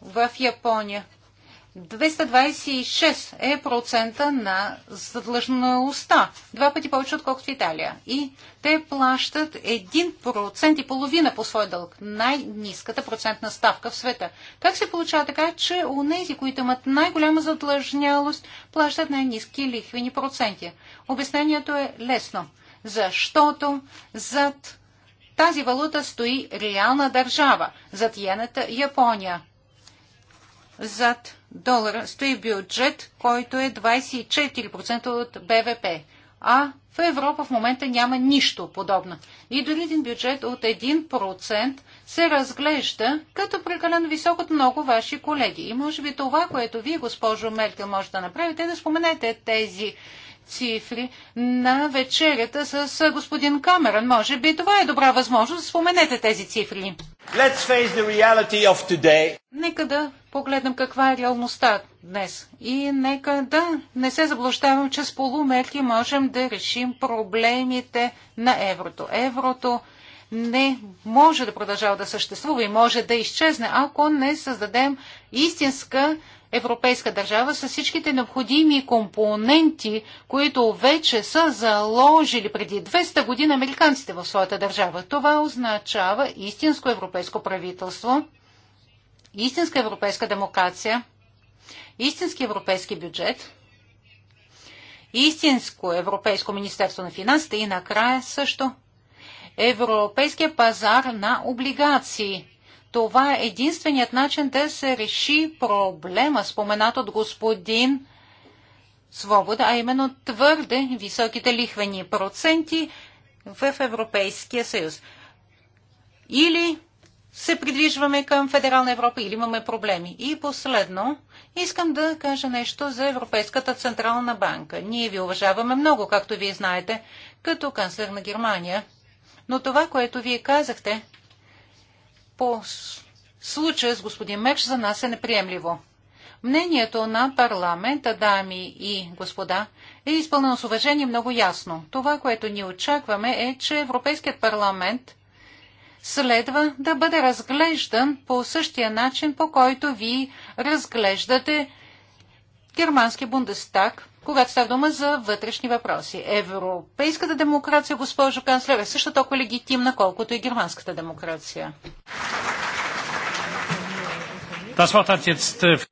в Япония 226 е процента на задлъжнаността. Два пъти повече, отколкото в Италия. И те плащат 1% и половина по свой дълг. Най-низката процентна ставка в света. Как се получава така, че у нези, които имат най-голяма задлъжнялост, плащат най-низки лихвени проценти? Обяснението е лесно. Защото зад тази валута стои реална държава. Зад йената Япония. Зад долара стои бюджет, който е 24% от БВП. А в Европа в момента няма нищо подобно. И дори един бюджет от 1% се разглежда като прекалено висок от много ваши колеги. И може би това, което вие, госпожо Меркел, може да направите, е да споменете тези цифри на вечерята с господин Камерън. Може би това е добра възможност. Споменете тези цифри. Let's face the reality of today. Нека да погледнем каква е реалността днес. И нека да не се заблуждавам, че с полумерки можем да решим проблемите на еврото. Еврото не може да продължава да съществува и може да изчезне, ако не създадем истинска европейска държава с всичките необходими компоненти, които вече са заложили преди 200 години американците в своята държава. Това означава истинско европейско правителство, истинска европейска демокрация, истински европейски бюджет, истинско европейско министерство на финансите и накрая също Европейския пазар на облигации – това е единственият начин да се реши проблема, споменат от господин Свобода, а именно твърде високите лихвени проценти в Европейския съюз. Или се придвижваме към Федерална Европа или имаме проблеми. И последно, искам да кажа нещо за Европейската Централна банка. Ние ви уважаваме много, както вие знаете, като канцлер на Германия. Но това, което вие казахте, по случая с господин Меч за нас е неприемливо. Мнението на парламента, дами и господа, е изпълнено с уважение много ясно. Това, което ни очакваме е, че Европейският парламент следва да бъде разглеждан по същия начин, по който ви разглеждате германски Бундестаг когато става дума за вътрешни въпроси. Европейската демокрация, госпожо канцлер, е също толкова легитимна, колкото и германската демокрация. Äh,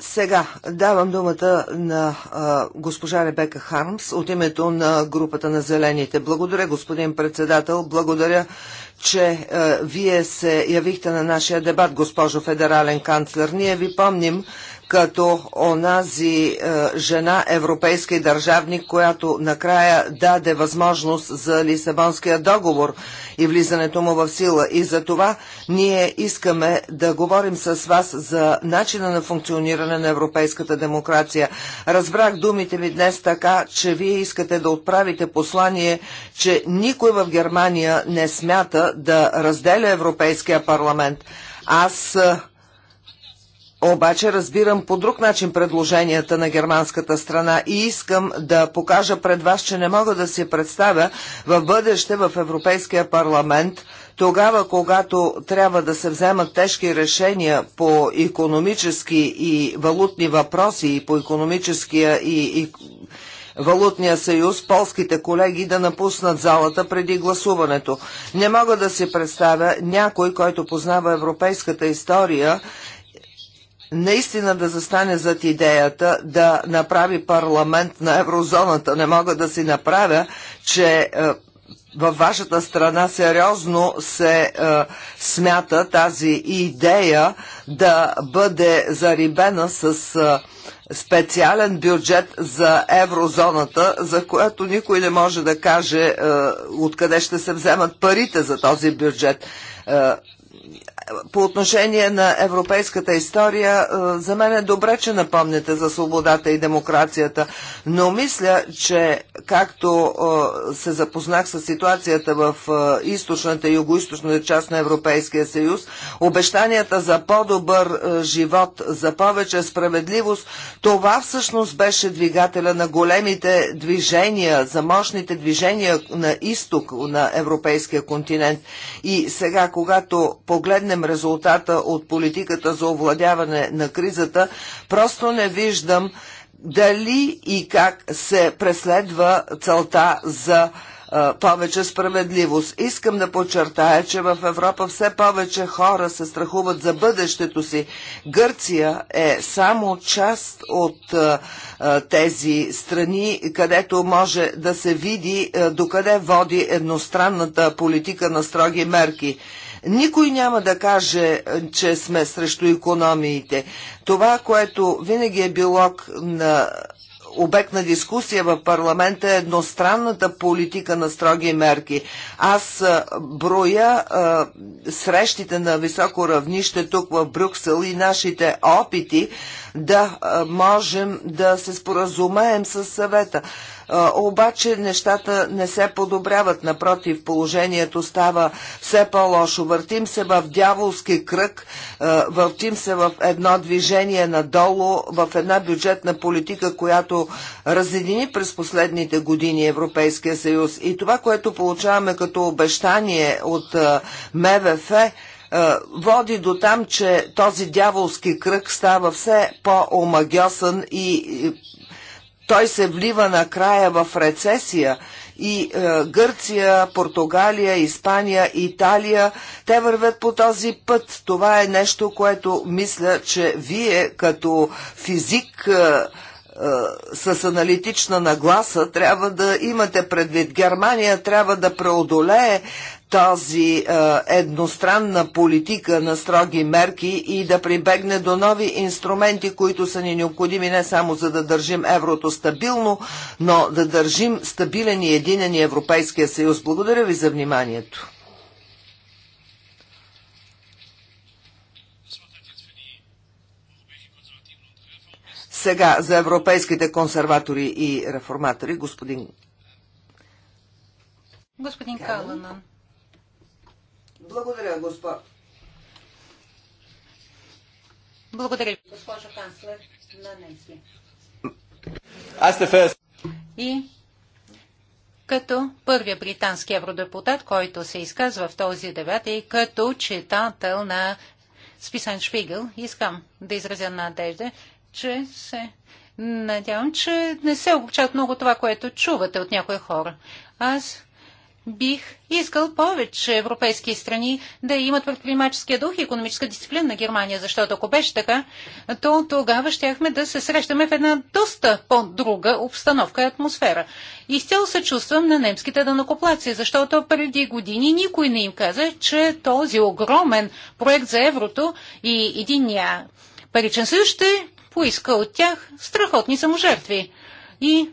Сега давам думата на а, госпожа Ребека Хармс от името на групата на Зелените. Благодаря, господин председател. Благодаря, че а, вие се явихте на нашия дебат, госпожо федерален канцлер. Ние ви помним, като онази е, жена европейски държавник, която накрая даде възможност за Лисабонския договор и влизането му в сила. И за това ние искаме да говорим с вас за начина на функциониране на европейската демокрация. Разбрах думите ви днес така, че вие искате да отправите послание, че никой в Германия не смята да разделя Европейския парламент. Аз е, обаче разбирам по друг начин предложенията на германската страна и искам да покажа пред вас, че не мога да си представя в бъдеще в Европейския парламент, тогава когато трябва да се вземат тежки решения по економически и валутни въпроси и по економическия и, и валутния съюз, полските колеги да напуснат залата преди гласуването. Не мога да си представя някой, който познава европейската история наистина да застане зад идеята да направи парламент на еврозоната. Не мога да си направя, че е, във вашата страна сериозно се е, смята тази идея да бъде зарибена с е, специален бюджет за еврозоната, за което никой не може да каже е, откъде ще се вземат парите за този бюджет. Е, по отношение на европейската история, е, за мен е добре, че напомняте за свободата и демокрацията, но мисля, че както е, се запознах с ситуацията в е, източната и югоисточната част на Европейския съюз, обещанията за по-добър живот, за повече справедливост, това всъщност беше двигателя на големите движения, за мощните движения на изток на европейския континент. И сега, когато погледнем погледнем резултата от политиката за овладяване на кризата, просто не виждам дали и как се преследва целта за повече справедливост. Искам да подчертая, че в Европа все повече хора се страхуват за бъдещето си. Гърция е само част от тези страни, където може да се види докъде води едностранната политика на строги мерки. Никой няма да каже, че сме срещу економиите. Това, което винаги е било на обект на дискусия в парламента е едностранната политика на строги мерки. Аз броя срещите на високо равнище тук в Брюксел и нашите опити да можем да се споразумеем с съвета. Обаче нещата не се подобряват, напротив, положението става все по-лошо. Въртим се в дяволски кръг, въртим се в едно движение надолу, в една бюджетна политика, която разедини през последните години Европейския съюз. И това, което получаваме като обещание от МВФ, е, води до там, че този дяволски кръг става все по-омагьосан и той се влива накрая в рецесия и е, Гърция, Португалия, Испания, Италия, те вървят по този път. Това е нещо, което мисля, че вие като физик е, е, с аналитична нагласа трябва да имате предвид. Германия трябва да преодолее този е, едностранна политика на строги мерки и да прибегне до нови инструменти, които са ни необходими не само за да държим еврото стабилно, но да държим стабилен и единен и Европейския съюз. Благодаря ви за вниманието. Сега за европейските консерватори и реформатори, господин. Господин Каланан. Благодаря, госпожо. Благодаря госпожо канцлер на немски. Аз фест. И като първия британски евродепутат, който се изказва в този дебат и като читател на Списан Шпигъл, искам да изразя надежда, че се надявам, че не се обучат много това, което чувате от някои хора. Аз бих искал повече европейски страни да имат предприемаческия дух и економическа дисциплина на Германия, защото ако беше така, то тогава щяхме да се срещаме в една доста по-друга обстановка и атмосфера. Изцяло се чувствам на немските данокоплаци, защото преди години никой не им каза, че този огромен проект за еврото и единия паричен съюз ще поиска от тях страхотни саможертви. И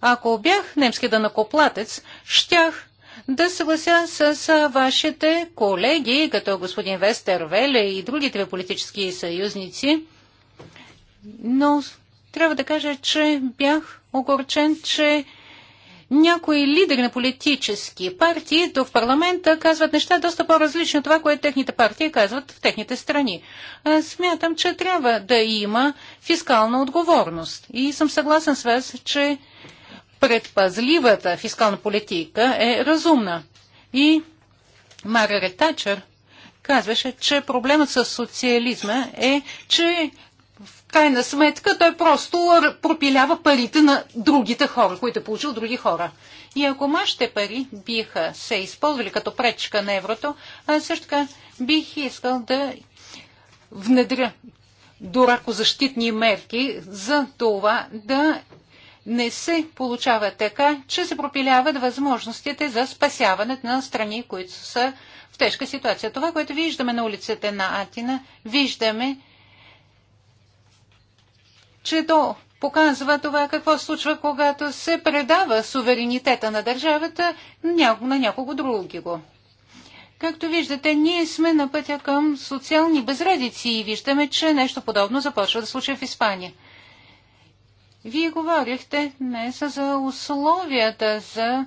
ако бях немски дънакоплатец, щях да съглася с вашите колеги, като господин Вестер Веле и другите политически съюзници, но трябва да кажа, че бях огорчен, че някои лидери на политически партии то в парламента казват неща доста по-различни от това, което техните партии казват в техните страни. Аз смятам, че трябва да има фискална отговорност. И съм съгласен с вас, че предпазливата фискална политика е разумна. И Маргарет Тачър казваше, че проблемът с социализма е, че в крайна сметка той просто пропилява парите на другите хора, които е получил други хора. И ако мащите пари биха се използвали като пречка на еврото, аз също така бих искал да внедря дорако защитни мерки за това да не се получава така, че се пропиляват възможностите за спасяването на страни, които са в тежка ситуация. Това, което виждаме на улицата на Атина, виждаме, че то показва това какво случва, когато се предава суверенитета на държавата на някого другиго. Както виждате, ние сме на пътя към социални безредици и виждаме, че нещо подобно започва да случва в Испания. Вие говорихте днес за условията, за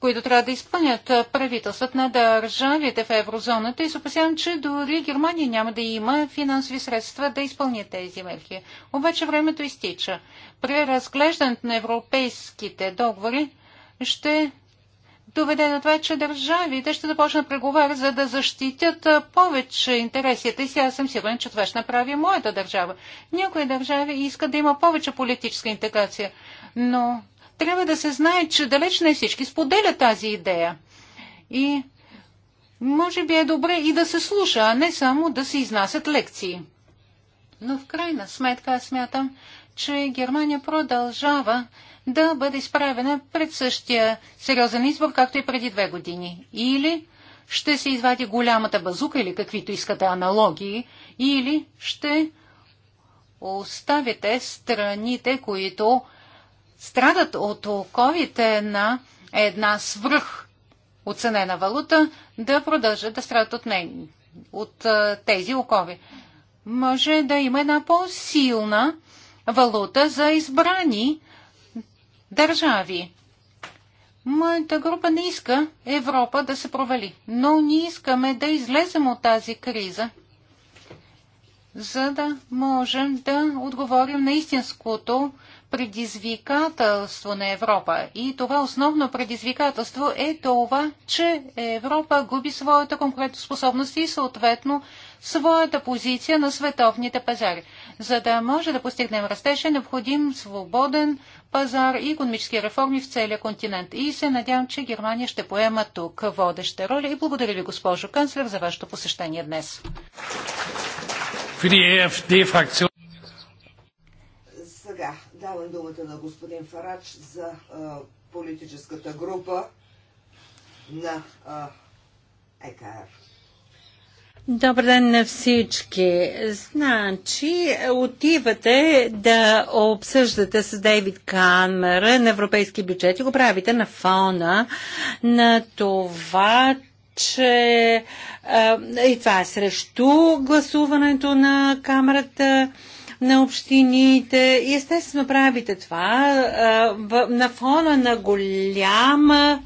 които трябва да изпълнят правителствата на държавите в еврозоната и се опасявам, че дори Германия няма да има финансови средства да изпълни тези мерки. Обаче времето изтича. При разглеждането на европейските договори ще доведе до това, че държавите ще започнат преговори, за да защитят повече интересите си. Аз съм сигурен, че това ще направи моята държава. Някои държави искат да има повече политическа интеграция, но трябва да се знае, че далеч не всички споделят тази идея. И може би е добре и да се слуша, а не само да се изнасят лекции. Но в крайна сметка аз смятам, че Германия продължава да бъде изправена пред същия сериозен избор, както и преди две години. Или ще се извади голямата базука или каквито искате аналогии, или ще оставите страните, които страдат от оковите на една свръх оценена валута, да продължат да страдат от, не, от тези окови. Може да има една по-силна валута за избрани държави. Моята група не иска Европа да се провали, но ние искаме да излезем от тази криза, за да можем да отговорим на истинското предизвикателство на Европа. И това основно предизвикателство е това, че Европа губи своята конкурентоспособност и съответно своята позиция на световните пазари. За да може да постигнем растеж е необходим свободен пазар и економически реформи в целия континент. И се надявам, че Германия ще поема тук водеща роля. И благодаря ви, госпожо канцлер, за вашето посещение днес. E Сега давам думата на господин Фарач за а, политическата група на а, ЕКР. Добър ден на всички. Значи, отивате да обсъждате с Дейвид Канмер на европейски бюджет и го правите на фона на това, че и това е срещу гласуването на камерата на общините. Естествено правите това а, в, на фона на голяма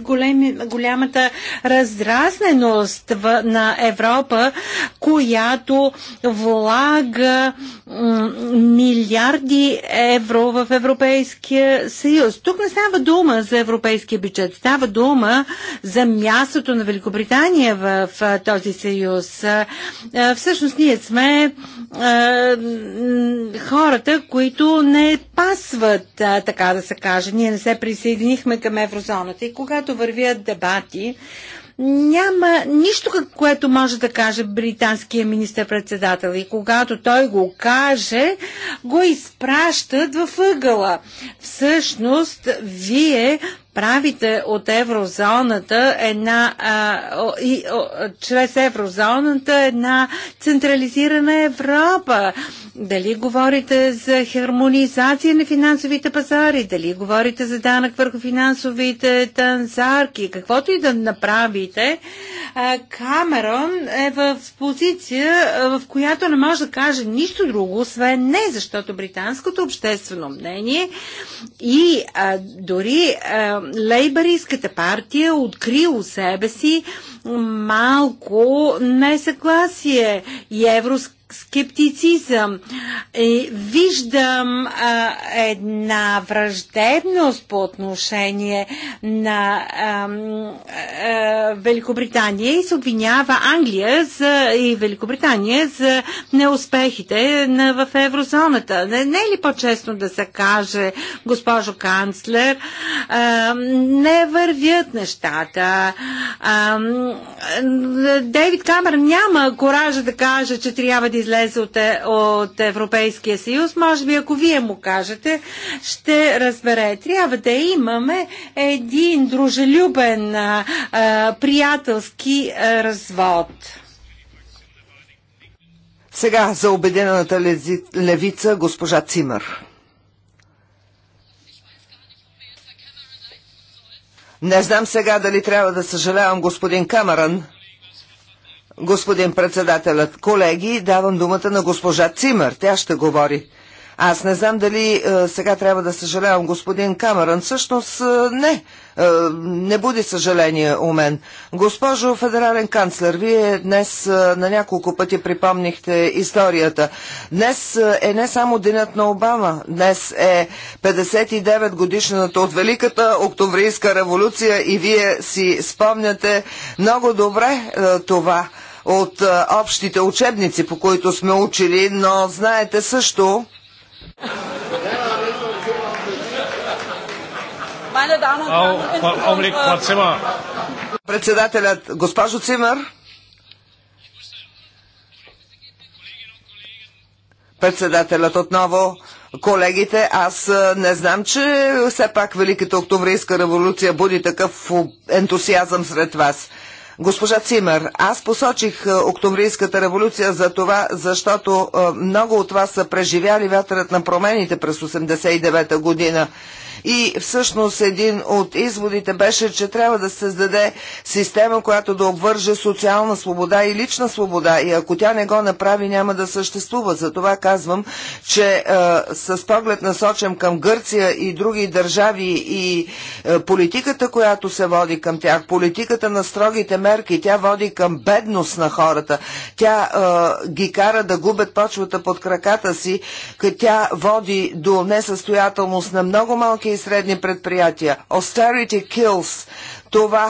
големи, голямата раздразненост в, на Европа, която влага милиарди евро в Европейския съюз. Тук не става дума за европейския бюджет, става дума за мястото на Великобритания в, в този съюз. Всъщност ние сме хората, които не пасват, така да се каже. Ние не се присъединихме към еврозоната. И когато когато вървят дебати, няма нищо, което може да каже британския министър-председател. И когато той го каже, го изпращат в ъгъла. Всъщност, вие правите от еврозоната една, а, и, о, чрез еврозоната една централизирана Европа. Дали говорите за хармонизация на финансовите пазари, дали говорите за данък върху финансовите танзарки, каквото и да направите, а, Камерон е в позиция, в която не може да каже нищо друго, освен не, защото британското обществено мнение и а, дори а, лейбаристската партия откри у себе си малко несъгласие и евроскептицизъм скептицизъм. И виждам а, една враждебност по отношение на а, а, Великобритания и се обвинява Англия за, и Великобритания за неуспехите на, в еврозоната. Не, не е ли по-честно да се каже, госпожо канцлер, а, не вървят нещата. А, Дейвид Камер няма коража да каже, че трябва да да излезе от, е, от Европейския съюз, може би ако вие му кажете, ще разбере. Трябва да имаме един дружелюбен а, приятелски а, развод. Сега за обединената левица госпожа Цимър. Не знам сега дали трябва да съжалявам господин Камаран. Господин председателят, колеги, давам думата на госпожа Цимър. Тя ще говори. Аз не знам дали е, сега трябва да съжалявам господин Камерън. Всъщност е, не. Е, не буди съжаление у мен. Госпожо федерален канцлер, вие днес е, на няколко пъти припомнихте историята. Днес е, е не само денят на Обама. Днес е 59 годишната от Великата Октоврийска революция и вие си спомняте много добре е, това от общите учебници, по които сме учили, но знаете също... Председателят, госпожо Цимър, председателят отново, колегите, аз не знам, че все пак Великата Октоврийска революция буди такъв ентусиазъм сред вас. Госпожа Цимер, аз посочих е, Октомврийската революция за това, защото е, много от вас са преживяли вятърът на промените през 89-та година. И всъщност един от изводите беше, че трябва да създаде система, която да обвърже социална свобода и лична свобода. И ако тя не го направи, няма да съществува. Затова казвам, че е, с поглед насочен към Гърция и други държави и е, политиката, която се води към тях, политиката на строгите мерки, тя води към бедност на хората. Тя е, ги кара да губят почвата под краката си, тя води до несъстоятелност на много малки и средни предприятия. Austerity kills. Това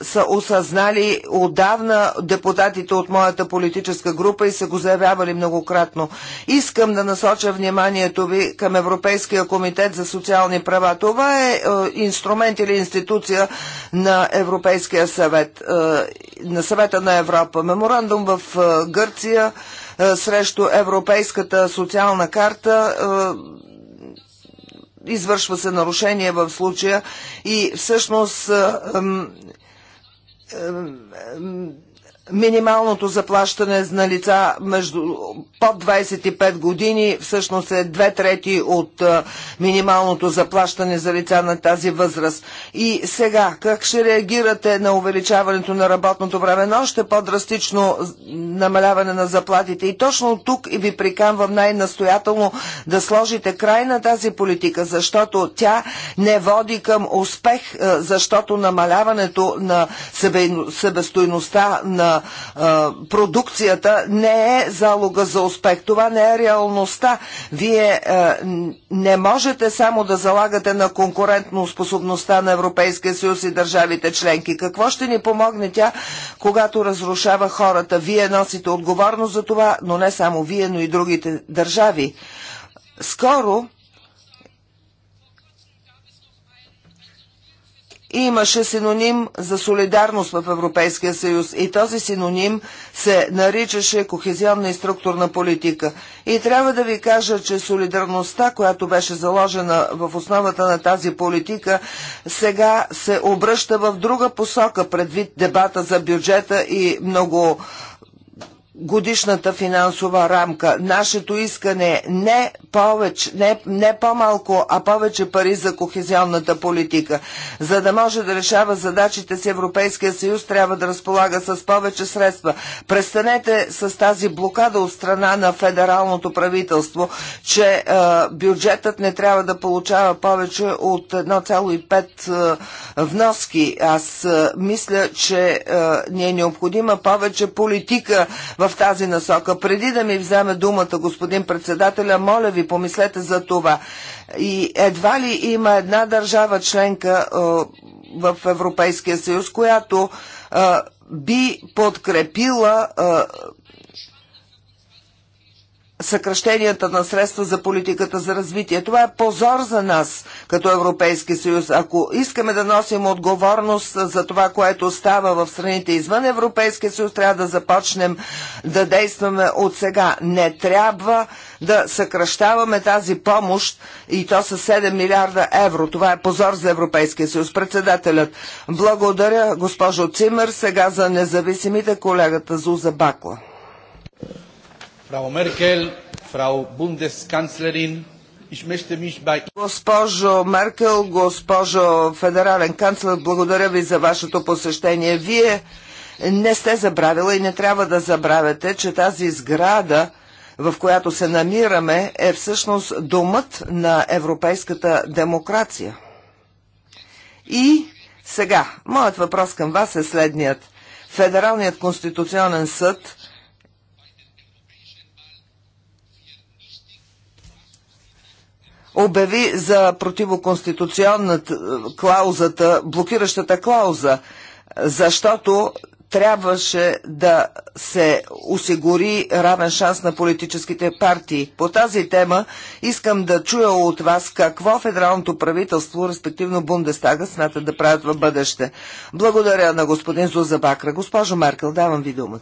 е, са осъзнали отдавна депутатите от моята политическа група и са го заявявали многократно. Искам да насоча вниманието ви към Европейския комитет за социални права. Това е, е инструмент или институция на Европейския съвет, е, на съвета на Европа. Меморандум в е, Гърция е, срещу Европейската социална карта е, извършва се нарушение в случая и всъщност минималното заплащане на лица между, под 25 години всъщност е две трети от минималното заплащане за лица на тази възраст. И сега, как ще реагирате на увеличаването на работното време на още по-драстично намаляване на заплатите? И точно тук и ви приканвам най-настоятелно да сложите край на тази политика, защото тя не води към успех, защото намаляването на себестойността на продукцията не е залога за успех. Това не е реалността. Вие не можете само да залагате на конкурентно способността на Европейския съюз и държавите членки. Какво ще ни помогне тя, когато разрушава хората? Вие носите отговорност за това, но не само вие, но и другите държави. Скоро имаше синоним за солидарност в Европейския съюз и този синоним се наричаше кохезионна и структурна политика. И трябва да ви кажа, че солидарността, която беше заложена в основата на тази политика, сега се обръща в друга посока предвид дебата за бюджета и много годишната финансова рамка. Нашето искане не повече, не, не по-малко, а повече пари за кохезионната политика. За да може да решава задачите си Европейския съюз, трябва да разполага с повече средства. Престанете с тази блокада от страна на федералното правителство, че е, бюджетът не трябва да получава повече от 1,5 е, вноски. Аз е, мисля, че е, ни е необходима повече политика в в тази насока. Преди да ми вземе думата, господин председателя, моля ви, помислете за това. И едва ли има една държава членка е, в Европейския съюз, която е, би подкрепила е, съкръщенията на средства за политиката за развитие. Това е позор за нас като Европейски съюз. Ако искаме да носим отговорност за това, което става в страните извън Европейския съюз, трябва да започнем да действаме от сега. Не трябва да съкръщаваме тази помощ и то с 7 милиарда евро. Това е позор за Европейския съюз. Председателят, благодаря госпожо Цимер, сега за независимите колегата Зуза Бакла. Frau Merkel, Frau Bundeskanzlerin, Госпожо Меркел, госпожо федерален канцлер, благодаря ви за вашето посещение. Вие не сте забравила и не трябва да забравяте, че тази сграда, в която се намираме, е всъщност домът на европейската демокрация. И сега, моят въпрос към вас е следният. Федералният конституционен съд обяви за противоконституционна е, клаузата, блокиращата клауза, защото трябваше да се осигури равен шанс на политическите партии. По тази тема искам да чуя от вас какво федералното правителство, респективно Бундестага, смята да правят в бъдеще. Благодаря на господин Зуза Бакра. Госпожо Меркел, давам ви думата.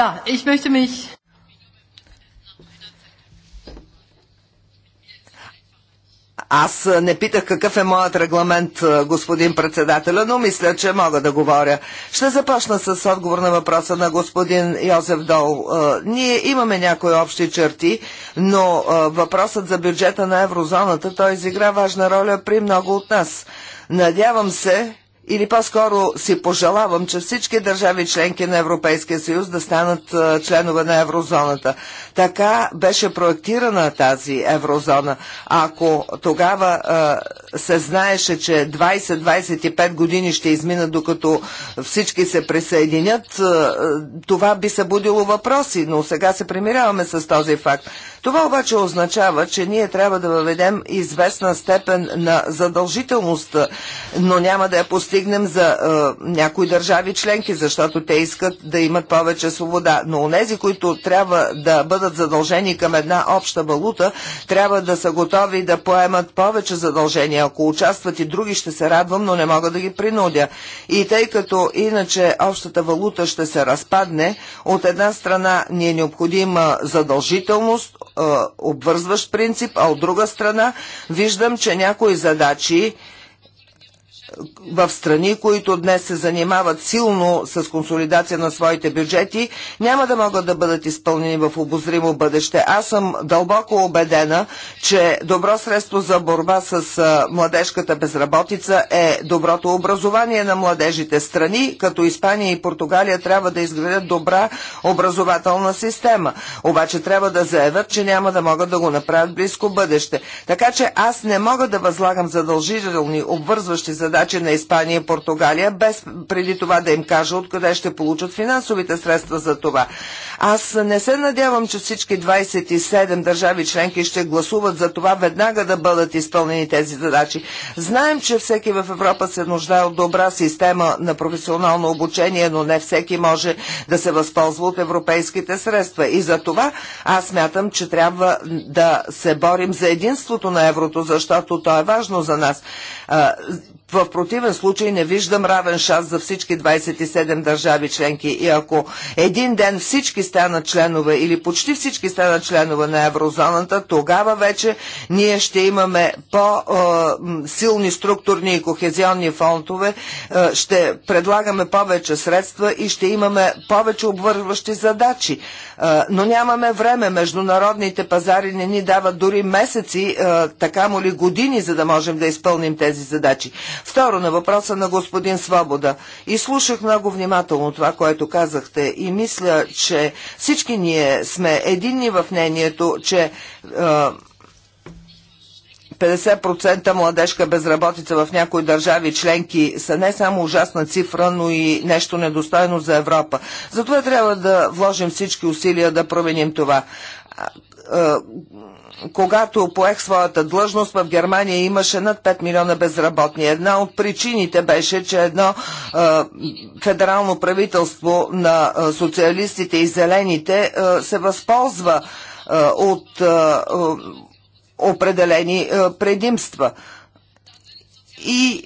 Ja, ich möchte mich Аз не питах какъв е моят регламент, господин председателя, но мисля, че мога да говоря. Ще започна с отговор на въпроса на господин Йозеф Дол. Ние имаме някои общи черти, но въпросът за бюджета на еврозоната той изигра важна роля при много от нас. Надявам се, или по-скоро си пожелавам, че всички държави членки на Европейския съюз да станат членове на еврозоната. Така беше проектирана тази еврозона. Ако тогава се знаеше, че 20-25 години ще изминат, докато всички се присъединят, това би събудило въпроси, но сега се примиряваме с този факт. Това обаче означава, че ние трябва да въведем известна степен на задължителност, но няма да я постигнем за е, някои държави членки, защото те искат да имат повече свобода. Но онези, които трябва да бъдат задължени към една обща валута, трябва да са готови да поемат повече задължения. Ако участват и други, ще се радвам, но не мога да ги принудя. И тъй като иначе общата валута ще се разпадне, от една страна ни е необходима задължителност, е, обвързващ принцип, а от друга страна виждам, че някои задачи в страни, които днес се занимават силно с консолидация на своите бюджети, няма да могат да бъдат изпълнени в обозримо бъдеще. Аз съм дълбоко убедена, че добро средство за борба с младежката безработица е доброто образование на младежите. Страни, като Испания и Португалия, трябва да изградят добра образователна система. Обаче трябва да заявят, че няма да могат да го направят близко бъдеще. Така че аз не мога да възлагам задължителни обвързващи задачи задачи на Испания и Португалия, без преди това да им кажа откъде ще получат финансовите средства за това. Аз не се надявам, че всички 27 държави членки ще гласуват за това веднага да бъдат изпълнени тези задачи. Знаем, че всеки в Европа се нуждае от добра система на професионално обучение, но не всеки може да се възползва от европейските средства. И за това аз мятам, че трябва да се борим за единството на еврото, защото то е важно за нас в противен случай не виждам равен шанс за всички 27 държави членки. И ако един ден всички станат членове или почти всички станат членове на еврозоната, тогава вече ние ще имаме по-силни структурни и кохезионни фондове, ще предлагаме повече средства и ще имаме повече обвързващи задачи но нямаме време. Международните пазари не ни дават дори месеци, така му ли години, за да можем да изпълним тези задачи. Второ, на въпроса на господин Свобода. И слушах много внимателно това, което казахте и мисля, че всички ние сме единни в мнението, че 50% младежка безработица в някои държави членки са не само ужасна цифра, но и нещо недостойно за Европа. Затова трябва да вложим всички усилия да променим това когато поех своята длъжност в Германия имаше над 5 милиона безработни. Една от причините беше, че едно е, федерално правителство на е, социалистите и зелените е, се възползва е, от е, определени е, предимства. И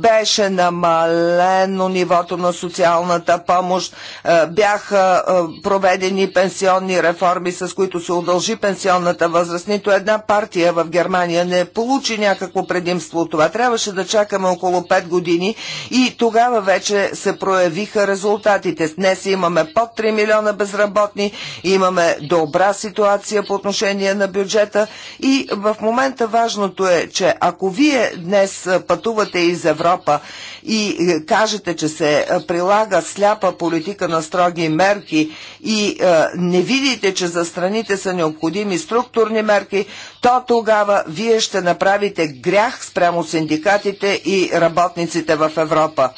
беше намалено нивото на социалната помощ, е, бяха е, проведени пенсионни реформи, с които се удължи пенсионната възраст. Нито една партия в Германия не получи някакво предимство от това. Трябваше да чакаме около 5 години и тогава вече се проявиха резултатите. Днес имаме под 3 милиона безработни, имаме добра ситуация по отношение на бюджета и в момента важното е, че ако вие днес е, пътувате е из Европа и е, кажете, че се е, прилага сляпа политика на строги мерки и не видите, че за страните са необходими структурни мерки, то тогава вие ще направите грях спрямо синдикатите и работниците в Европа.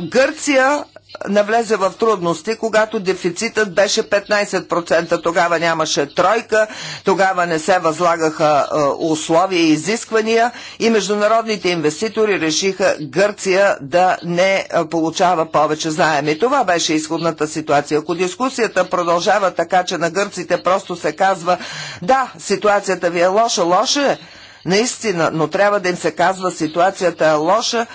Гърция навлезе в трудности, когато дефицитът беше 15%. Тогава нямаше тройка, тогава не се възлагаха е, условия и изисквания и международните инвеститори решиха Гърция да не е, получава повече заеми. Това беше изходната ситуация. Ако дискусията продължава така, че на гърците просто се казва да, ситуацията ви е лоша, лоша е, наистина, но трябва да им се казва ситуацията е лоша,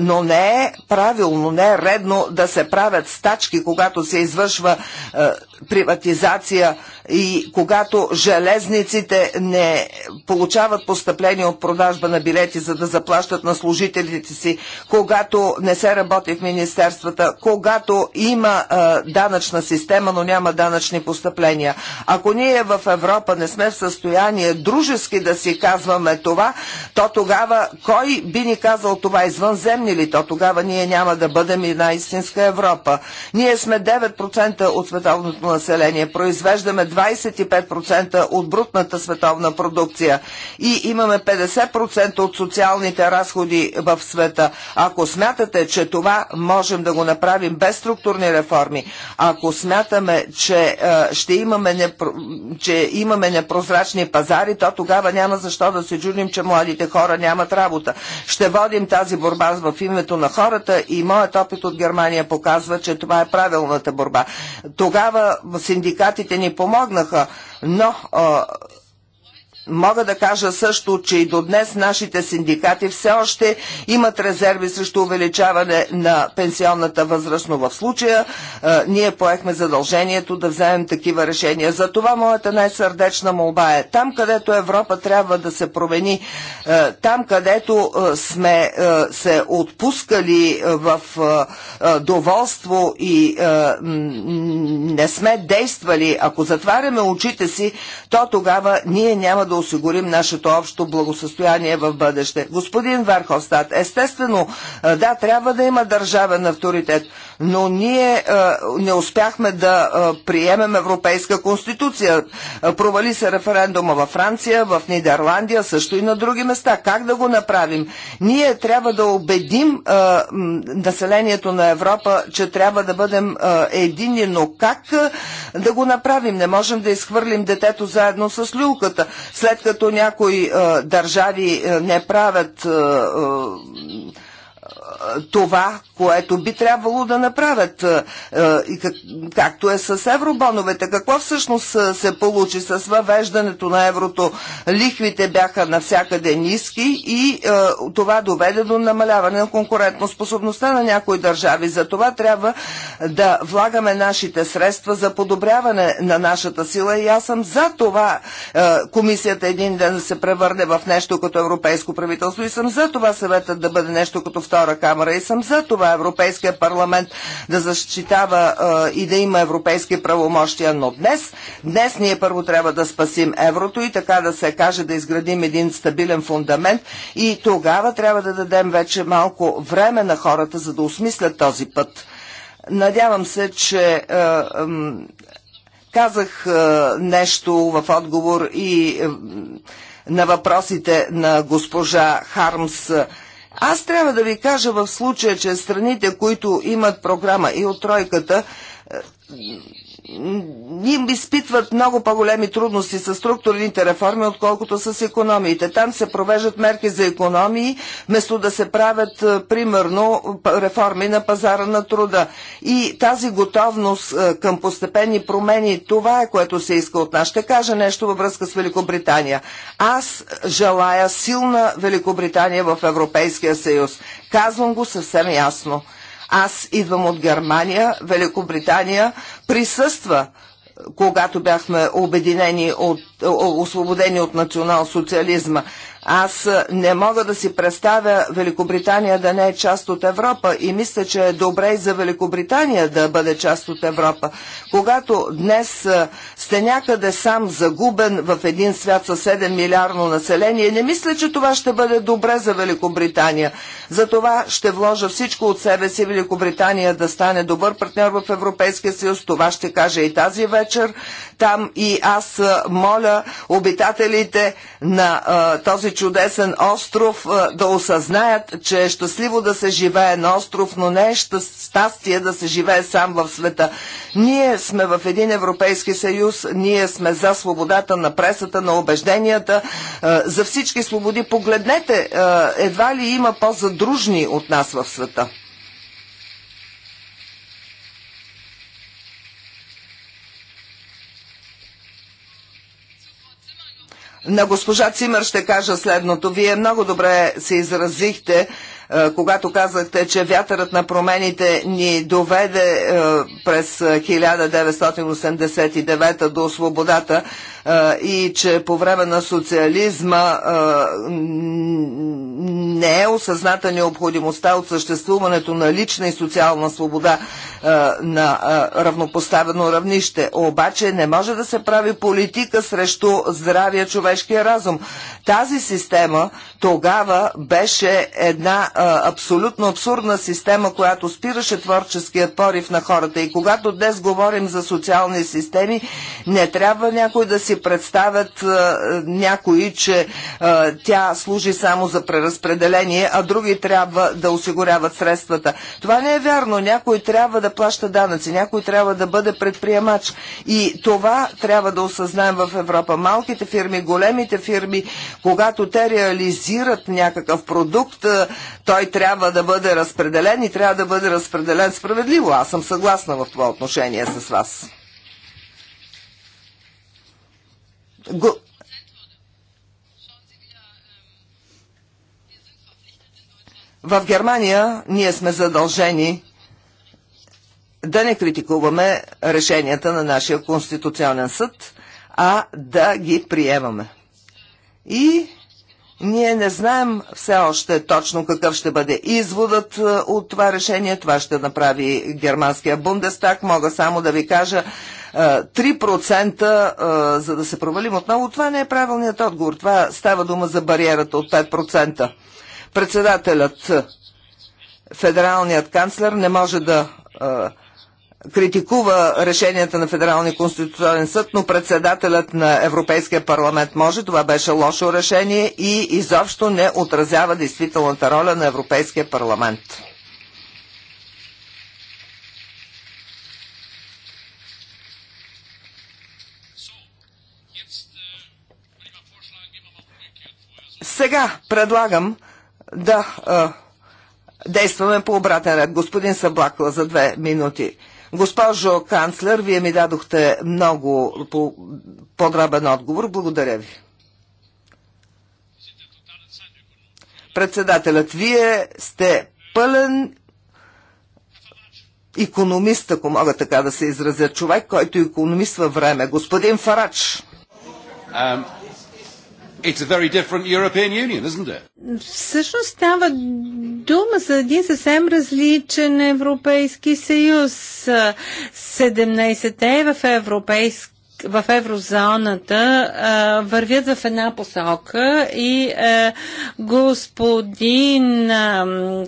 но не е правилно, не е редно да се правят стачки, когато се извършва приватизация и когато железниците не получават постъпление от продажба на билети, за да заплащат на служителите си, когато не се работи в министерствата, когато има а, данъчна система, но няма данъчни постъпления. Ако ние в Европа не сме в състояние дружески да си казваме това, то тогава кой би ни казал това извънземни ли? То тогава ние няма да бъдем една истинска Европа. Ние сме 9% от световното население. Произвеждаме 25% от брутната световна продукция и имаме 50% от социалните разходи в света. Ако смятате, че това можем да го направим без структурни реформи, ако смятаме, че, ще имаме, непро... че имаме непрозрачни пазари, то тогава няма защо да се чудим, че младите хора нямат работа. Ще водим тази борба в името на хората и моят опит от Германия показва, че това е правилната борба. Тогава синдикатите ни помогнаха, но Мога да кажа също, че и до днес нашите синдикати все още имат резерви срещу увеличаване на пенсионната възраст, но в случая е, ние поехме задължението да вземем такива решения. За това моята най-сърдечна молба е там, където Европа трябва да се промени, е, там, където е, сме се отпускали в доволство и не сме действали, ако затваряме очите си, то тогава ние няма да осигурим нашето общо благосъстояние в бъдеще. Господин Верховстат, естествено, да, трябва да има държавен авторитет, но ние не успяхме да приемем Европейска конституция. Провали се референдума във Франция, в Нидерландия, също и на други места. Как да го направим? Ние трябва да убедим населението на Европа, че трябва да бъдем едини, но как да го направим? Не можем да изхвърлим детето заедно с люлката. След като някои държави не правят това, което би трябвало да направят, е, е, и как, както е с евробоновете. Какво всъщност е, се получи с въвеждането на еврото? Лихвите бяха навсякъде ниски и това доведе до намаляване на конкурентоспособността на някои държави. За това трябва да влагаме нашите средства за подобряване на нашата сила и аз съм за това комисията един ден да се превърне в нещо като европейско правителство и съм за това съветът да бъде нещо като втора карта камера и съм за това Европейския парламент да защитава а, и да има европейски правомощия, но днес, днес ние първо трябва да спасим еврото и така да се каже да изградим един стабилен фундамент и тогава трябва да дадем вече малко време на хората, за да осмислят този път. Надявам се, че е, е, казах е, нещо в отговор и на въпросите на госпожа Хармс. Аз трябва да ви кажа в случая, че страните, които имат програма и от тройката, им изпитват много по-големи трудности с структурните реформи, отколкото с економиите. Там се провеждат мерки за економии, вместо да се правят, примерно, реформи на пазара на труда. И тази готовност към постепенни промени, това е което се иска от нас. Ще кажа нещо във връзка с Великобритания. Аз желая силна Великобритания в Европейския съюз. Казвам го съвсем ясно. Аз идвам от Германия, Великобритания присъства когато бяхме обединени от, освободени от национал-социализма. Аз не мога да си представя Великобритания да не е част от Европа и мисля, че е добре и за Великобритания да бъде част от Европа. Когато днес сте някъде сам загубен в един свят със 7 милиардно население, не мисля, че това ще бъде добре за Великобритания. За това ще вложа всичко от себе си Великобритания да стане добър партньор в Европейския съюз. Това ще кажа и тази вечер там и аз моля обитателите на а, този чудесен остров, да осъзнаят, че е щастливо да се живее на остров, но не е щастие да се живее сам в света. Ние сме в един Европейски съюз, ние сме за свободата на пресата, на убежденията, за всички свободи. Погледнете, едва ли има по-задружни от нас в света. На госпожа Цимър ще кажа следното. Вие много добре се изразихте, е, когато казахте, че вятърът на промените ни доведе е, през 1989 е, до свободата и че по време на социализма не е осъзната необходимостта от съществуването на лична и социална свобода на равнопоставено равнище. Обаче не може да се прави политика срещу здравия човешкия разум. Тази система тогава беше една абсолютно абсурдна система, която спираше творческият порив на хората. И когато днес говорим за социални системи, не трябва някой да си си представят някои, че тя служи само за преразпределение, а други трябва да осигуряват средствата. Това не е вярно. Някой трябва да плаща данъци, някой трябва да бъде предприемач. И това трябва да осъзнаем в Европа. Малките фирми, големите фирми, когато те реализират някакъв продукт, той трябва да бъде разпределен и трябва да бъде разпределен справедливо. Аз съм съгласна в това отношение с вас. В Германия ние сме задължени да не критикуваме решенията на нашия Конституционен съд, а да ги приемаме. И ние не знаем все още точно какъв ще бъде изводът е, от това решение. Това ще направи германския Бундестаг. Мога само да ви кажа, 3% за да се провалим отново, това не е правилният отговор. Това става дума за бариерата от 5%. Председателят, федералният канцлер не може да критикува решенията на Федералния конституционен съд, но председателят на Европейския парламент може. Това беше лошо решение и изобщо не отразява действителната роля на Европейския парламент. Сега предлагам да а, действаме по обратен ред. Господин Саблакла за две минути. Госпожо канцлер, вие ми дадохте много по подробен отговор. Благодаря ви. Председателят, вие сте пълен економист, ако мога така да се изразя, човек, който економиства време. Господин Фарач. It's a very different European Union, isn't it? Всъщност става дума за един съвсем различен Европейски съюз. 17-те в Европейски в еврозоната а, вървят в една посока и а, господин а,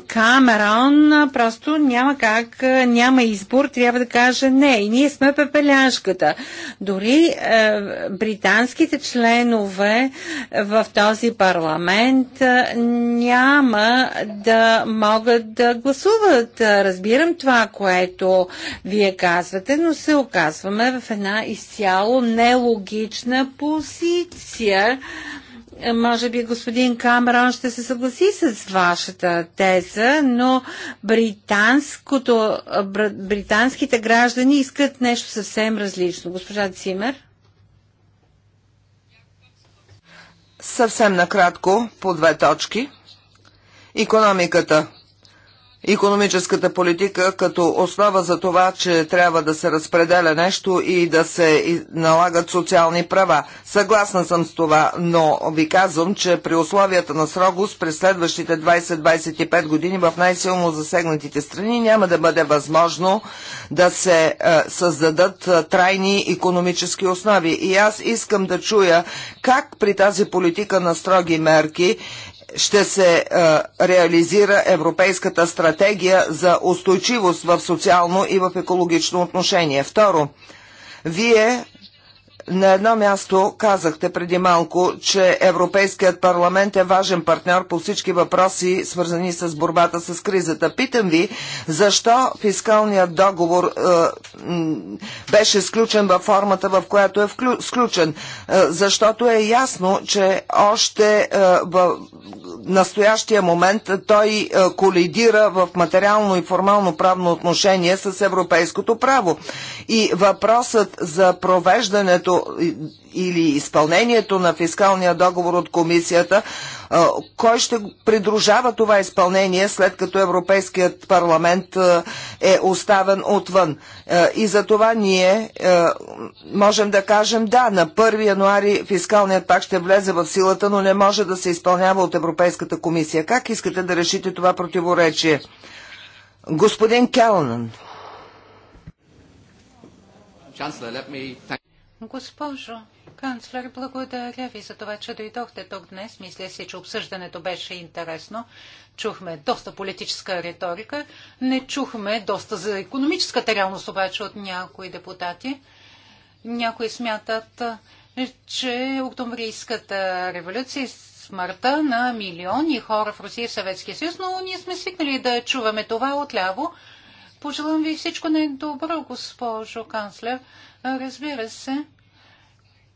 Камерон а, просто няма как, а, няма избор, трябва да каже не. И ние сме пепеляшката. Дори а, британските членове в този парламент а, няма да могат да гласуват. Разбирам това, което вие казвате, но се оказваме в една изцяло изцяло нелогична позиция. Може би господин Камерон ще се съгласи с вашата теза, но британското, британските граждани искат нещо съвсем различно. Госпожа Цимер? Съвсем накратко, по две точки. Економиката економическата политика като основа за това, че трябва да се разпределя нещо и да се налагат социални права. Съгласна съм с това, но ви казвам, че при условията на срогост през следващите 20-25 години в най-силно засегнатите страни няма да бъде възможно да се е, създадат е, трайни економически основи. И аз искам да чуя как при тази политика на строги мерки ще се е, реализира Европейската стратегия за устойчивост в социално и в екологично отношение. Второ, вие на едно място казахте преди малко, че Европейският парламент е важен партньор по всички въпроси, свързани с борбата с кризата. Питам ви, защо фискалният договор е, беше сключен във формата, в която е вклю, сключен? Е, защото е ясно, че още е, в настоящия момент той е, колидира в материално и формално правно отношение с европейското право. И въпросът за провеждането изпълнението или изпълнението на фискалния договор от комисията, кой ще придружава това изпълнение след като Европейският парламент е оставен отвън. И за това ние можем да кажем да, на 1 януари фискалният пак ще влезе в силата, но не може да се изпълнява от Европейската комисия. Как искате да решите това противоречие? Господин Келнан. Госпожо канцлер, благодаря ви за това, че дойдохте тук днес. Мисля си, че обсъждането беше интересно. Чухме доста политическа риторика. Не чухме доста за економическата реалност обаче от някои депутати. Някои смятат, че октомврийската революция е смъртта на милиони хора в Русия и Съветския съюз, но ние сме свикнали да чуваме това отляво. Пожелам ви всичко най-добро, госпожо канцлер. Разбира се,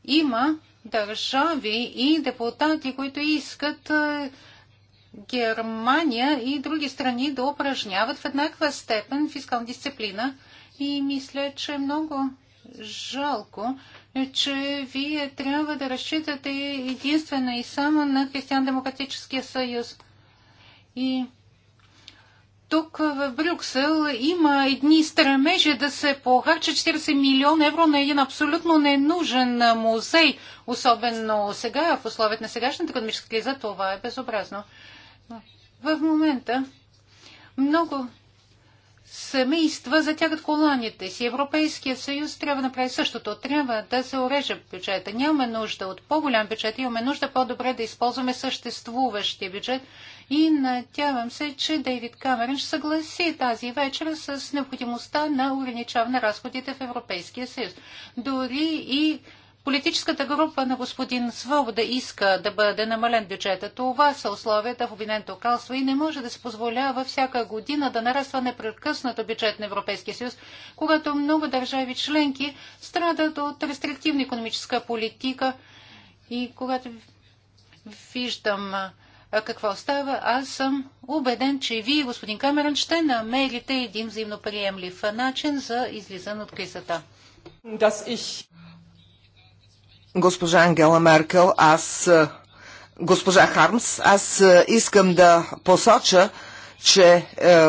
има държави и депутати, които искат е, Германия и други страни да упражняват в еднаква степен фискална дисциплина. И мисля, че е много жалко, че вие трябва да разчитате единствено и само на Християн-демократическия съюз. И тук в Брюксел има едни стремежи да се похарча 40 милиона евро на един абсолютно ненужен музей, особено сега, в условията на сегашната економическа криза, това е безобразно. В момента много семейства затягат коланите си. Европейския съюз трябва да направи същото. Трябва да се уреже бюджета. Нямаме нужда от по-голям бюджет, имаме нужда по-добре да използваме съществуващия бюджет. И надявам се, че Дейвид Камерен ще съгласи тази вечер с необходимостта на ограничаване на разходите в Европейския съюз. Дори и Политическата група на господин Свобода иска да бъде намален бюджета. Това са условията в обвиненто кралство и не може да се позволява всяка година да нараства непрекъснато бюджет на Европейския съюз, когато много държави членки страдат от рестриктивна економическа политика и когато виждам какво става, аз съм убеден, че вие, господин Камерън, ще намерите един взаимноприемлив начин за излизане от кризата госпожа Ангела Меркел, аз, е, госпожа Хармс, аз е, искам да посоча, че е,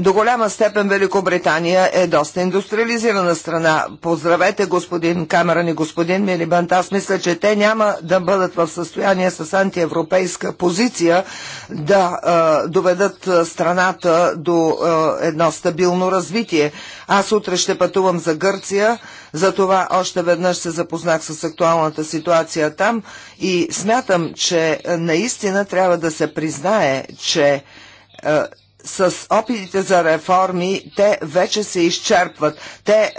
До голяма степен Великобритания е доста индустриализирана страна. Поздравете господин Камеран и господин Милибант. Аз мисля, че те няма да бъдат в състояние с антиевропейска позиция да е, доведат страната до е, едно стабилно развитие. Аз утре ще пътувам за Гърция, затова още веднъж се запознах с актуалната ситуация там и смятам, че наистина трябва да се признае, че с опитите за реформи те вече се изчерпват. Те е,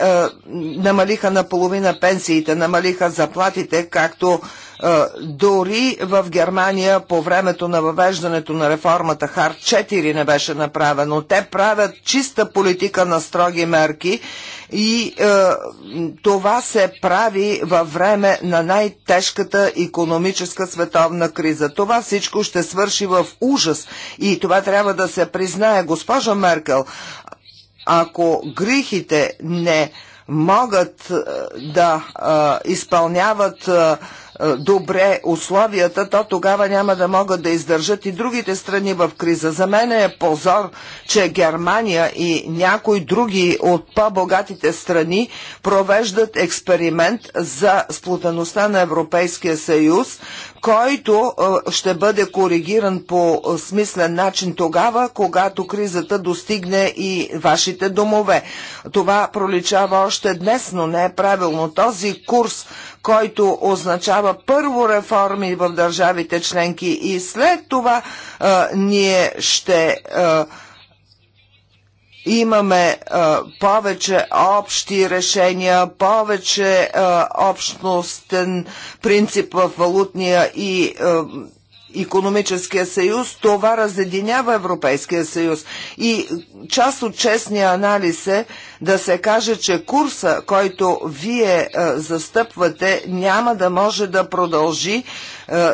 намалиха наполовина пенсиите, намалиха заплатите, както е, е, дори в Германия по времето на въвеждането на реформата Хар 4 не беше направено. Те правят чиста политика на строги мерки и е, това се прави във време на най-тежката економическа световна криза. Това всичко ще свърши в ужас и това трябва да се признае. Госпожа Меркел, ако грихите не могат е, да е, изпълняват е, е, добре условията, то тогава няма да могат да издържат и другите страни в криза. За мен е позор, че Германия и някои други от по-богатите страни провеждат експеримент за сплутаността на Европейския съюз, който е, ще бъде коригиран по смислен начин тогава, когато кризата достигне и вашите домове. Това проличава още днес, но не е правилно. Този курс, който означава първо реформи в държавите членки и след това а, ние ще а, имаме а, повече общи решения, повече а, общностен принцип в валутния и а, економическия съюз, това разединява Европейския съюз. И част от честния анализ е да се каже, че курса, който вие е, застъпвате, няма да може да продължи е,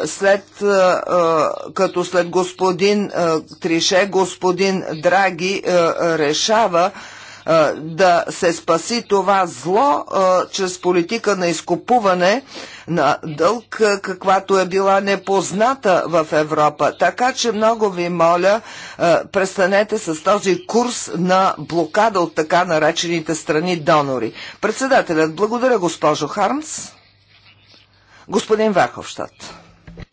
след е, е като след господин е, Трише, господин Драги е, решава да се спаси това зло чрез политика на изкупуване на дълг, каквато е била непозната в Европа. Така че много ви моля, престанете с този курс на блокада от така наречените страни донори. Председателят, благодаря госпожо Хармс. Господин Ваховщад.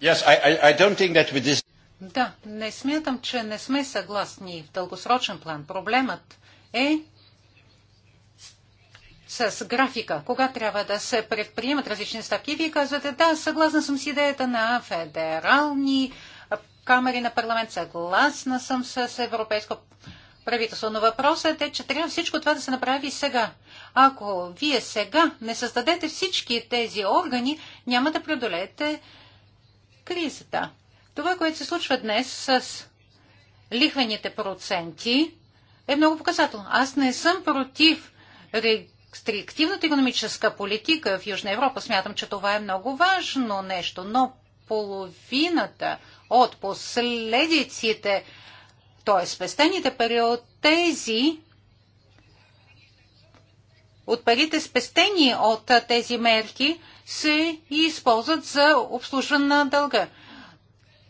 Yes, I, I, don't think that with this... Да, не смятам, че не сме съгласни в дългосрочен план. Проблемът е, с графика, кога трябва да се предприемат различни стъпки. Вие казвате, да, съгласна съм с идеята на федерални камери на парламент, съгласна съм с европейско правителство. Но въпросът е, че трябва всичко това да се направи сега. Ако вие сега не създадете всички тези органи, няма да преодолеете кризата. Това, което се случва днес с лихвените проценти, е много показателно. Аз не съм против ре стриктивната економическа политика в Южна Европа. Смятам, че това е много важно нещо, но половината от последиците, т.е. спестените пари от тези от парите спестени от тези мерки се използват за обслужване на дълга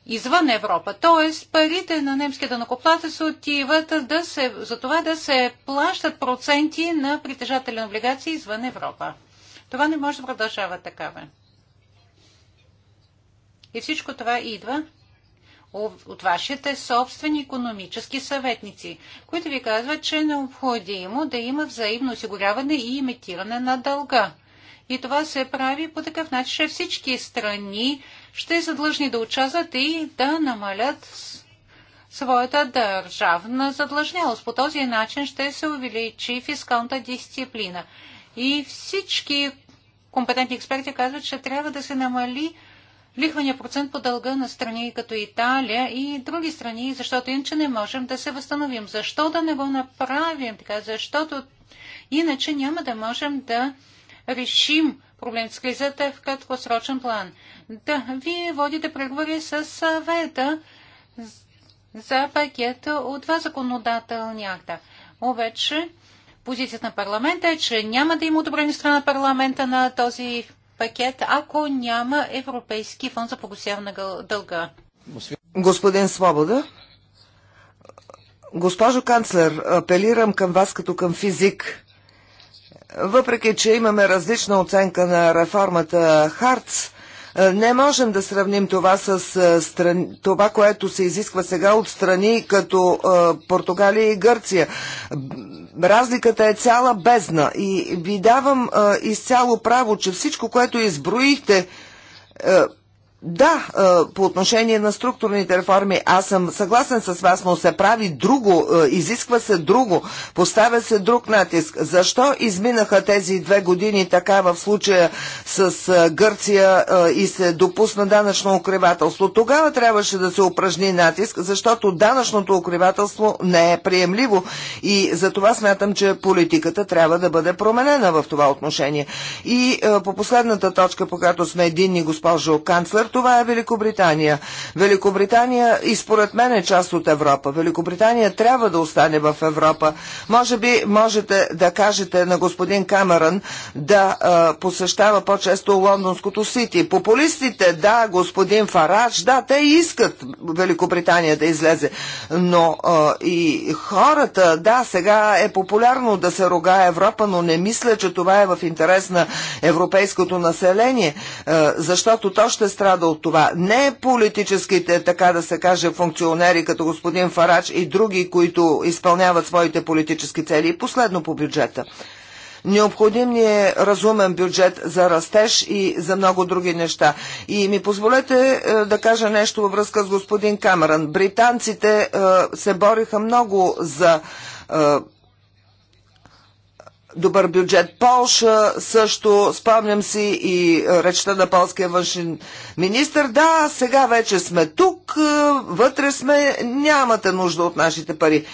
извън Европа. Т.е. парите на немския данокоплатец отиват да се, за това да се плащат проценти на притежатели на облигации извън Европа. Това не може да продължава такава. И всичко това идва от вашите собствени економически съветници, които ви казват, че е необходимо да има взаимно осигуряване и имитиране на дълга. И това се прави по такъв начин, че всички страни ще са длъжни да участват и да намалят своята държавна задлъжнялост. По този начин ще се увеличи фискалната дисциплина. И всички компетентни експерти казват, че трябва да се намали лихвения процент по дълга на страни като Италия и други страни, защото иначе не можем да се възстановим. Защо да не го направим така? Защото иначе няма да можем да решим проблем с кризата в краткосрочен план. Да, вие водите преговори с съвета за пакет от два законодателни акта. Обаче, позицията на парламента е, че няма да има одобрение страна парламента на този пакет, ако няма Европейски фонд за погасяване на дълга. Господин Свобода, госпожо канцлер, апелирам към вас като към физик въпреки че имаме различна оценка на реформата Харц, е, не можем да сравним това с е, това, което се изисква сега от страни като е, Португалия и Гърция. Разликата е цяла бездна и ви давам изцяло право, че всичко, което изброихте, да, е, по отношение на структурните реформи, аз съм съгласен с вас, но се прави друго, е, изисква се друго, поставя се друг натиск. Защо изминаха тези две години така в случая с е, Гърция и се допусна данъчно укривателство? Тогава трябваше да се упражни натиск, защото данъчното укривателство не е приемливо и за това смятам, че политиката трябва да бъде променена в това отношение. И по последната точка, по която сме единни, госпожо канцлер, това е Великобритания. Великобритания и според мен е част от Европа. Великобритания трябва да остане в Европа. Може би можете да кажете на господин Камерън да а, посещава по-често лондонското Сити. Популистите, да, господин Фарадж, да, те искат Великобритания да излезе. Но а, и хората, да, сега е популярно да се рога Европа, но не мисля, че това е в интерес на европейското население, защото то ще страда страда от това. Не политическите, така да се каже, функционери, като господин Фарач и други, които изпълняват своите политически цели. И последно по бюджета. Необходим ни е разумен бюджет за растеж и за много други неща. И ми позволете е, да кажа нещо във връзка с господин Камерън. Британците е, се бориха много за е, добър бюджет. Полша също, спомням си и речта на полския външен министр. Да, сега вече сме тук, вътре сме, нямате нужда от нашите пари.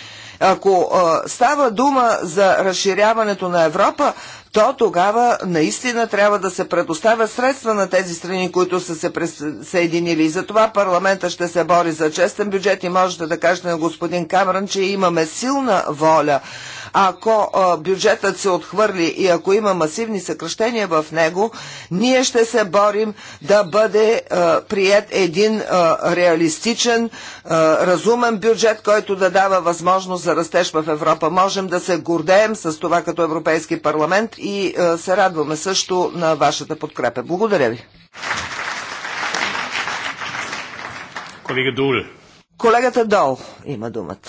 Ако а, става дума за разширяването на Европа, то тогава наистина трябва да се предоставя средства на тези страни, които са се присъединили. И затова парламента ще се бори за честен бюджет и можете да кажете на господин Камран, че имаме силна воля ако бюджетът се отхвърли и ако има масивни съкръщения в него, ние ще се борим да бъде прият един реалистичен, разумен бюджет, който да дава възможност за растеж в Европа. Можем да се гордеем с това като Европейски парламент и се радваме също на вашата подкрепа. Благодаря ви. Колега Дул. Колегата Дол има думата.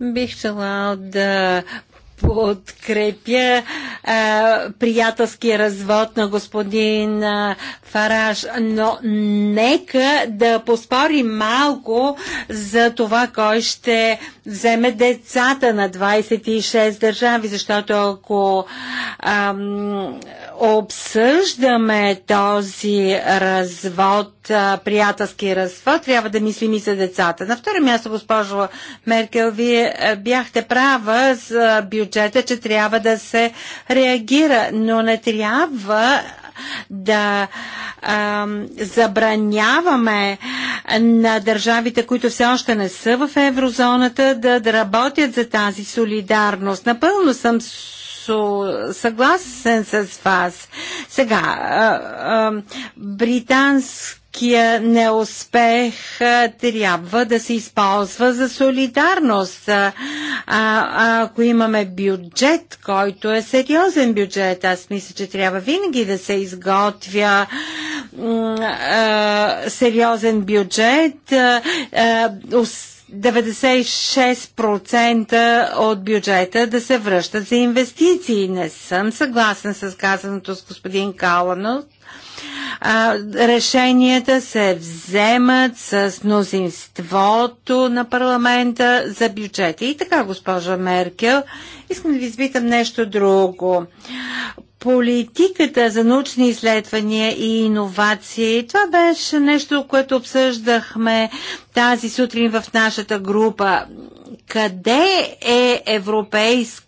Бих желал да подкрепя а, приятелски развод на господин а, Фараж, но нека да поспори малко за това, кой ще вземе децата на 26 държави, защото ако ам, обсъждаме този развод, приятелски развод, трябва да мислим и за децата. На второ място, госпожо Меркел, вие бяхте права за бюджета, че трябва да се реагира, но не трябва да а, забраняваме на държавите, които все още не са в еврозоната, да, да работят за тази солидарност. Напълно съм съгласен с вас. Сега, британски неуспех трябва да се използва за солидарност. А, ако имаме бюджет, който е сериозен бюджет, аз мисля, че трябва винаги да се изготвя а, сериозен бюджет. А, 96% от бюджета да се връщат за инвестиции. Не съм съгласен с казаното с господин Каланов а, решенията се вземат с мнозинството на парламента за бюджета. И така, госпожа Меркел, искам да ви изпитам нещо друго политиката за научни изследвания и иновации. Това беше нещо, което обсъждахме тази сутрин в нашата група. Къде е европейска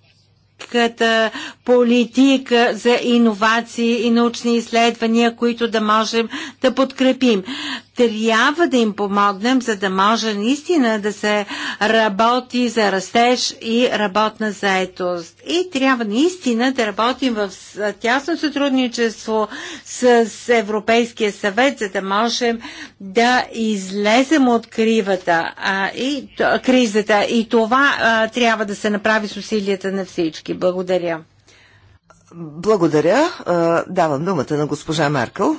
политиката, политика за иновации и научни изследвания, които да можем да подкрепим трябва да им помогнем, за да може наистина да се работи за растеж и работна заетост. И трябва наистина да работим в тясно сътрудничество с Европейския съвет, за да можем да излезем от кривата, а, и, кризата. И това а, трябва да се направи с усилията на всички. Благодаря. Благодаря. Давам думата на госпожа Маркъл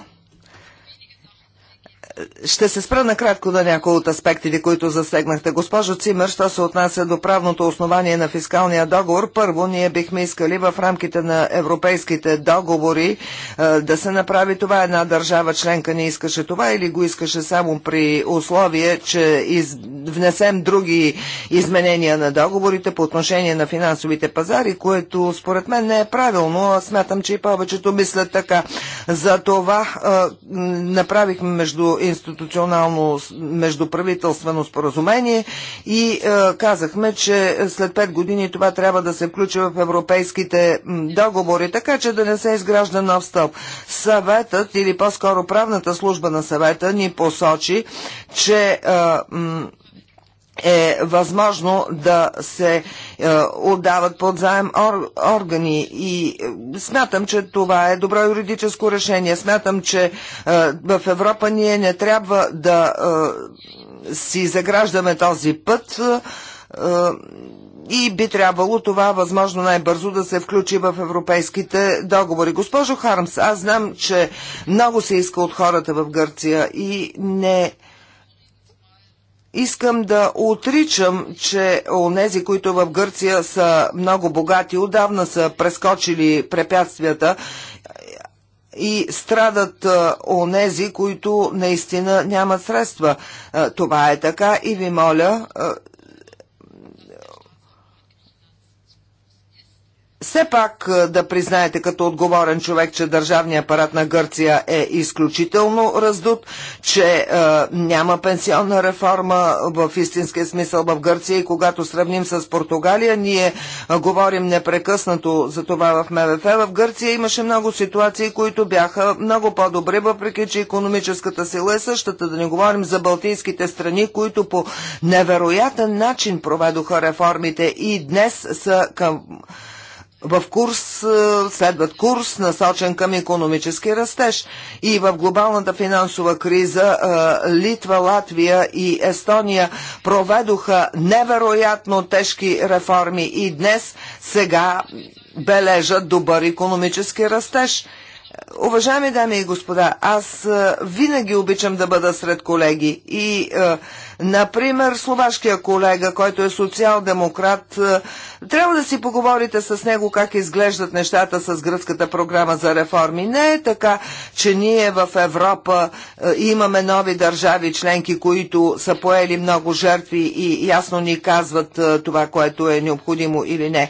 ще се спра накратко на някои от аспектите, които засегнахте. Госпожо Цимър, що се отнася до правното основание на фискалния договор, първо ние бихме искали в рамките на европейските договори е, да се направи това. Една държава членка не искаше това или го искаше само при условие, че из... внесем други изменения на договорите по отношение на финансовите пазари, което според мен не е правилно. Аз смятам, че и повечето мислят така. За това е, направихме между институционално междуправителствено споразумение и е, казахме, че след 5 години това трябва да се включи в европейските договори, така че да не се изгражда нов стълб. Съветът или по-скоро правната служба на съвета ни посочи, че е, е възможно да се е, отдават под заем ор, органи и е, смятам, че това е добро юридическо решение. Смятам, че е, в Европа ние не трябва да си заграждаме този път и би трябвало това възможно най-бързо да се включи в европейските договори. Госпожо Хармс, аз знам, че много се иска от хората в Гърция и не Искам да отричам, че онези, които в Гърция са много богати, отдавна са прескочили препятствията и страдат онези, които наистина нямат средства. Това е така и ви моля все пак е, да признаете като отговорен човек, че държавният апарат на Гърция е изключително раздут, че е, няма пенсионна реформа в истинския смисъл в Гърция и когато сравним с Португалия, ние е, говорим непрекъснато за това в МВФ. В Гърция имаше много ситуации, които бяха много по-добри, въпреки че економическата сила е същата. Да не говорим за балтийските страни, които по невероятен начин проведоха реформите и днес са към в курс, е, следват курс, насочен към економически растеж. И в глобалната финансова криза е, Литва, Латвия и Естония проведоха невероятно тежки реформи и днес сега бележат добър економически растеж. Уважаеми дами и господа, аз е, винаги обичам да бъда сред колеги и Например, словашкия колега, който е социал-демократ, е, трябва да си поговорите с него как изглеждат нещата с гръцката програма за реформи. Не е така, че ние в Европа е, имаме нови държави членки, които са поели много жертви и ясно ни казват е, това, което е необходимо или не.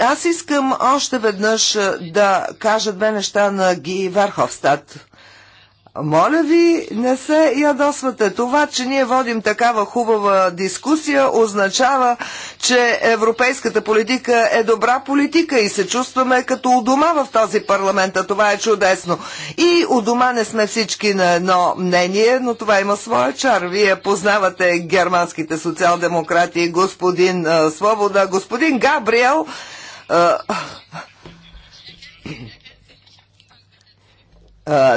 Аз искам още веднъж да кажа две неща на Ги Варховстат. Моля ви, не се ядосвате. Това, че ние водим такава хубава дискусия, означава, че европейската политика е добра политика и се чувстваме като у дома в този парламент, а това е чудесно. И у дома не сме всички на едно мнение, но това има своя чар. Вие познавате германските социал-демократи, господин Свобода, господин Габриел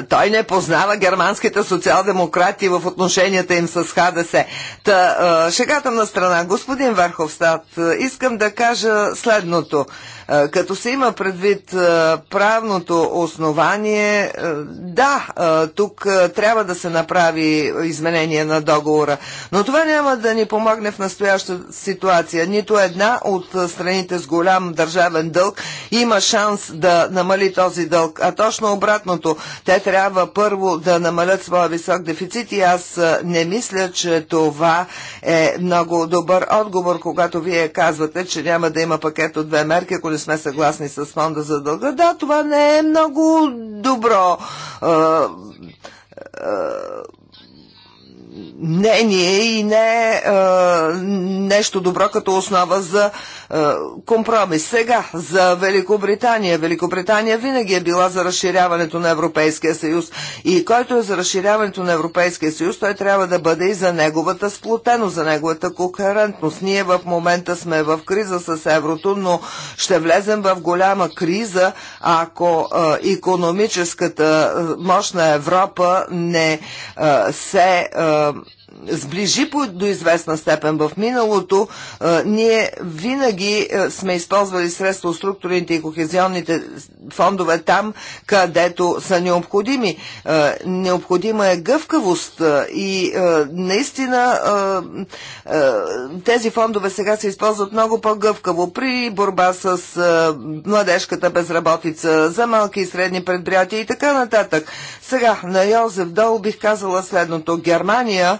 той не познава германските социал-демократи в отношенията им с ХДС. Та, шегата на страна, господин Верховстат, искам да кажа следното. Е, като се има предвид е, правното основание, е, да, тук трябва да се направи изменение на договора, но това няма да ни помогне в настояща ситуация. Нито една от страните с голям държавен дълг има шанс да намали този дълг, а точно обратното, те трябва първо да намалят своя висок дефицит и аз не мисля, че това е много добър отговор, когато вие казвате, че няма да има пакет от две мерки, ако не сме съгласни с фонда за дълга. Да, това не е много добро. А, а, мнение и не е, нещо добро като основа за е, компромис. Сега, за Великобритания. Великобритания винаги е била за разширяването на Европейския съюз и който е за разширяването на Европейския съюз, той трябва да бъде и за неговата сплотеност, за неговата кохерентност. Ние в момента сме в криза с еврото, но ще влезем в голяма криза, ако е, економическата мощ на Европа не е, се е, сближи до известна степен в миналото, ние винаги сме използвали средства от структурните и кохезионните фондове там, където са необходими. необходима е гъвкавост и наистина тези фондове сега се използват много по-гъвкаво при борба с младежката безработица, за малки и средни предприятия и така нататък. Сега на Йозеф Дол бих казала следното. Германия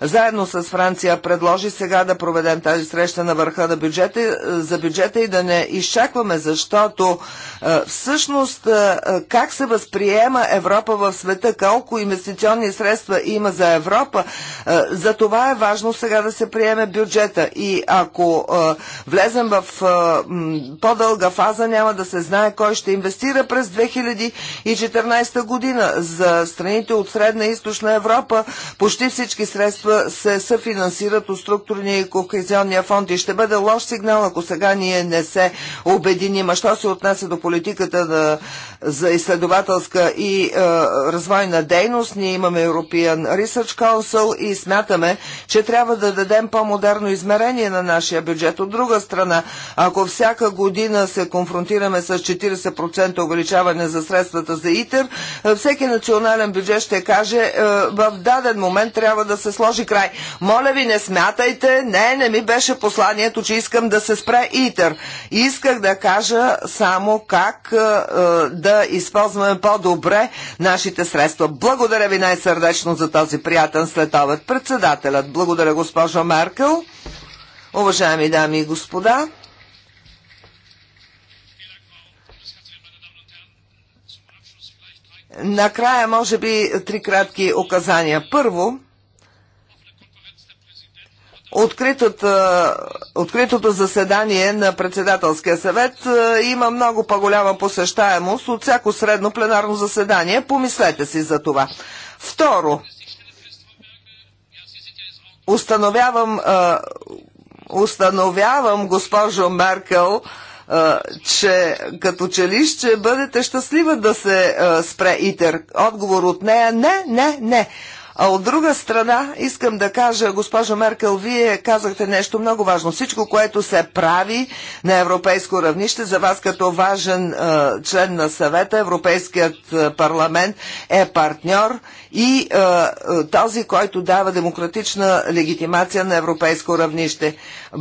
заедно с Франция предложи сега да проведем тази среща на върха на бюджета, за бюджета и да не изчакваме, защото е, всъщност е, е, как се възприема Европа в света, колко инвестиционни средства има за Европа, за това е важно сега да се приеме бюджета. И ако влезем в по-дълга фаза, няма да се знае кой ще инвестира през 2014 година. За страните от Средна и Източна Европа почти всички средства средства се съфинансират от структурния и кохезионния фонд и ще бъде лош сигнал, ако сега ние не се обединим. А що се отнася до политиката на, за изследователска и е, развойна дейност, ние имаме European Research Council и смятаме, че трябва да дадем по-модерно измерение на нашия бюджет. От друга страна, ако всяка година се конфронтираме с 40% увеличаване за средствата за ИТЕР, е, всеки национален бюджет ще каже, е, в даден момент трябва да се сложи сложи край. Моля ви, не смятайте, не, не ми беше посланието, че искам да се спре ИТЕР. Исках да кажа само как е, е да използваме по-добре нашите средства. Благодаря ви най-сърдечно за този приятен следовет. Председателят, благодаря госпожо Меркел. Уважаеми дами и господа, Накрая, може би, три кратки указания. Първо, Откритото, откритото заседание на председателския съвет е, има много по-голяма посещаемост от всяко средно пленарно заседание. Помислете си за това. Второ, установявам, е, установявам госпожо Меркел, е, че като че ли ще бъдете щастлива да се спре ИТЕР. Отговор от нея – не, не, не. А от друга страна, искам да кажа, госпожо Меркел, вие казахте нещо много важно. Всичко, което се прави на европейско равнище, за вас като важен е, член на съвета, Европейският парламент е партньор и е, е, този, който дава демократична легитимация на европейско равнище.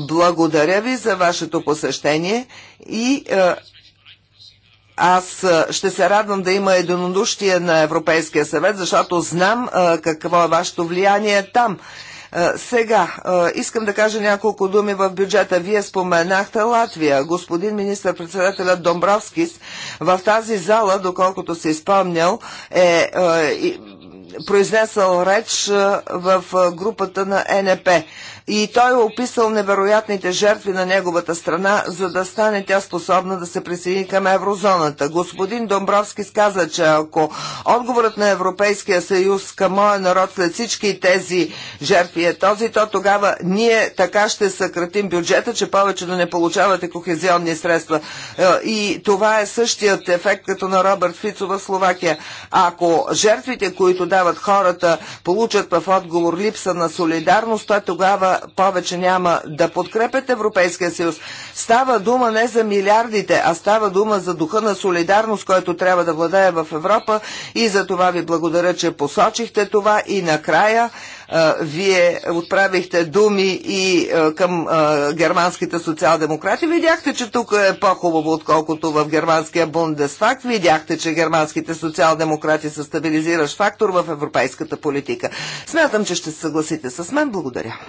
Благодаря ви за вашето посещение и е, аз ще се радвам да има единодушие на Европейския съвет, защото знам какво е вашето влияние там. Сега, искам да кажа няколко думи в бюджета. Вие споменахте Латвия. Господин министр-председателя Домбровскис в тази зала, доколкото се изпомнял, е, е произнесъл реч в групата на НП и той е описал невероятните жертви на неговата страна, за да стане тя способна да се присъедини към еврозоната. Господин Домбровски каза, че ако отговорът на Европейския съюз към моя народ след всички тези жертви е този, то тогава ние така ще съкратим бюджета, че повече да не получавате кохезионни средства. Е, и това е същият ефект като на Робърт Фицо в Словакия. Ако жертвите, които дават хората, получат в отговор липса на солидарност, то тогава повече няма да подкрепят Европейския съюз. Става дума не за милиардите, а става дума за духа на солидарност, който трябва да владее в Европа и за това ви благодаря, че посочихте това и накрая вие отправихте думи и към германските социал-демократи. Видяхте, че тук е по-хубаво, отколкото в германския Бундесфакт. Видяхте, че германските социал-демократи са стабилизиращ фактор в европейската политика. Смятам, че ще се съгласите с мен. Благодаря.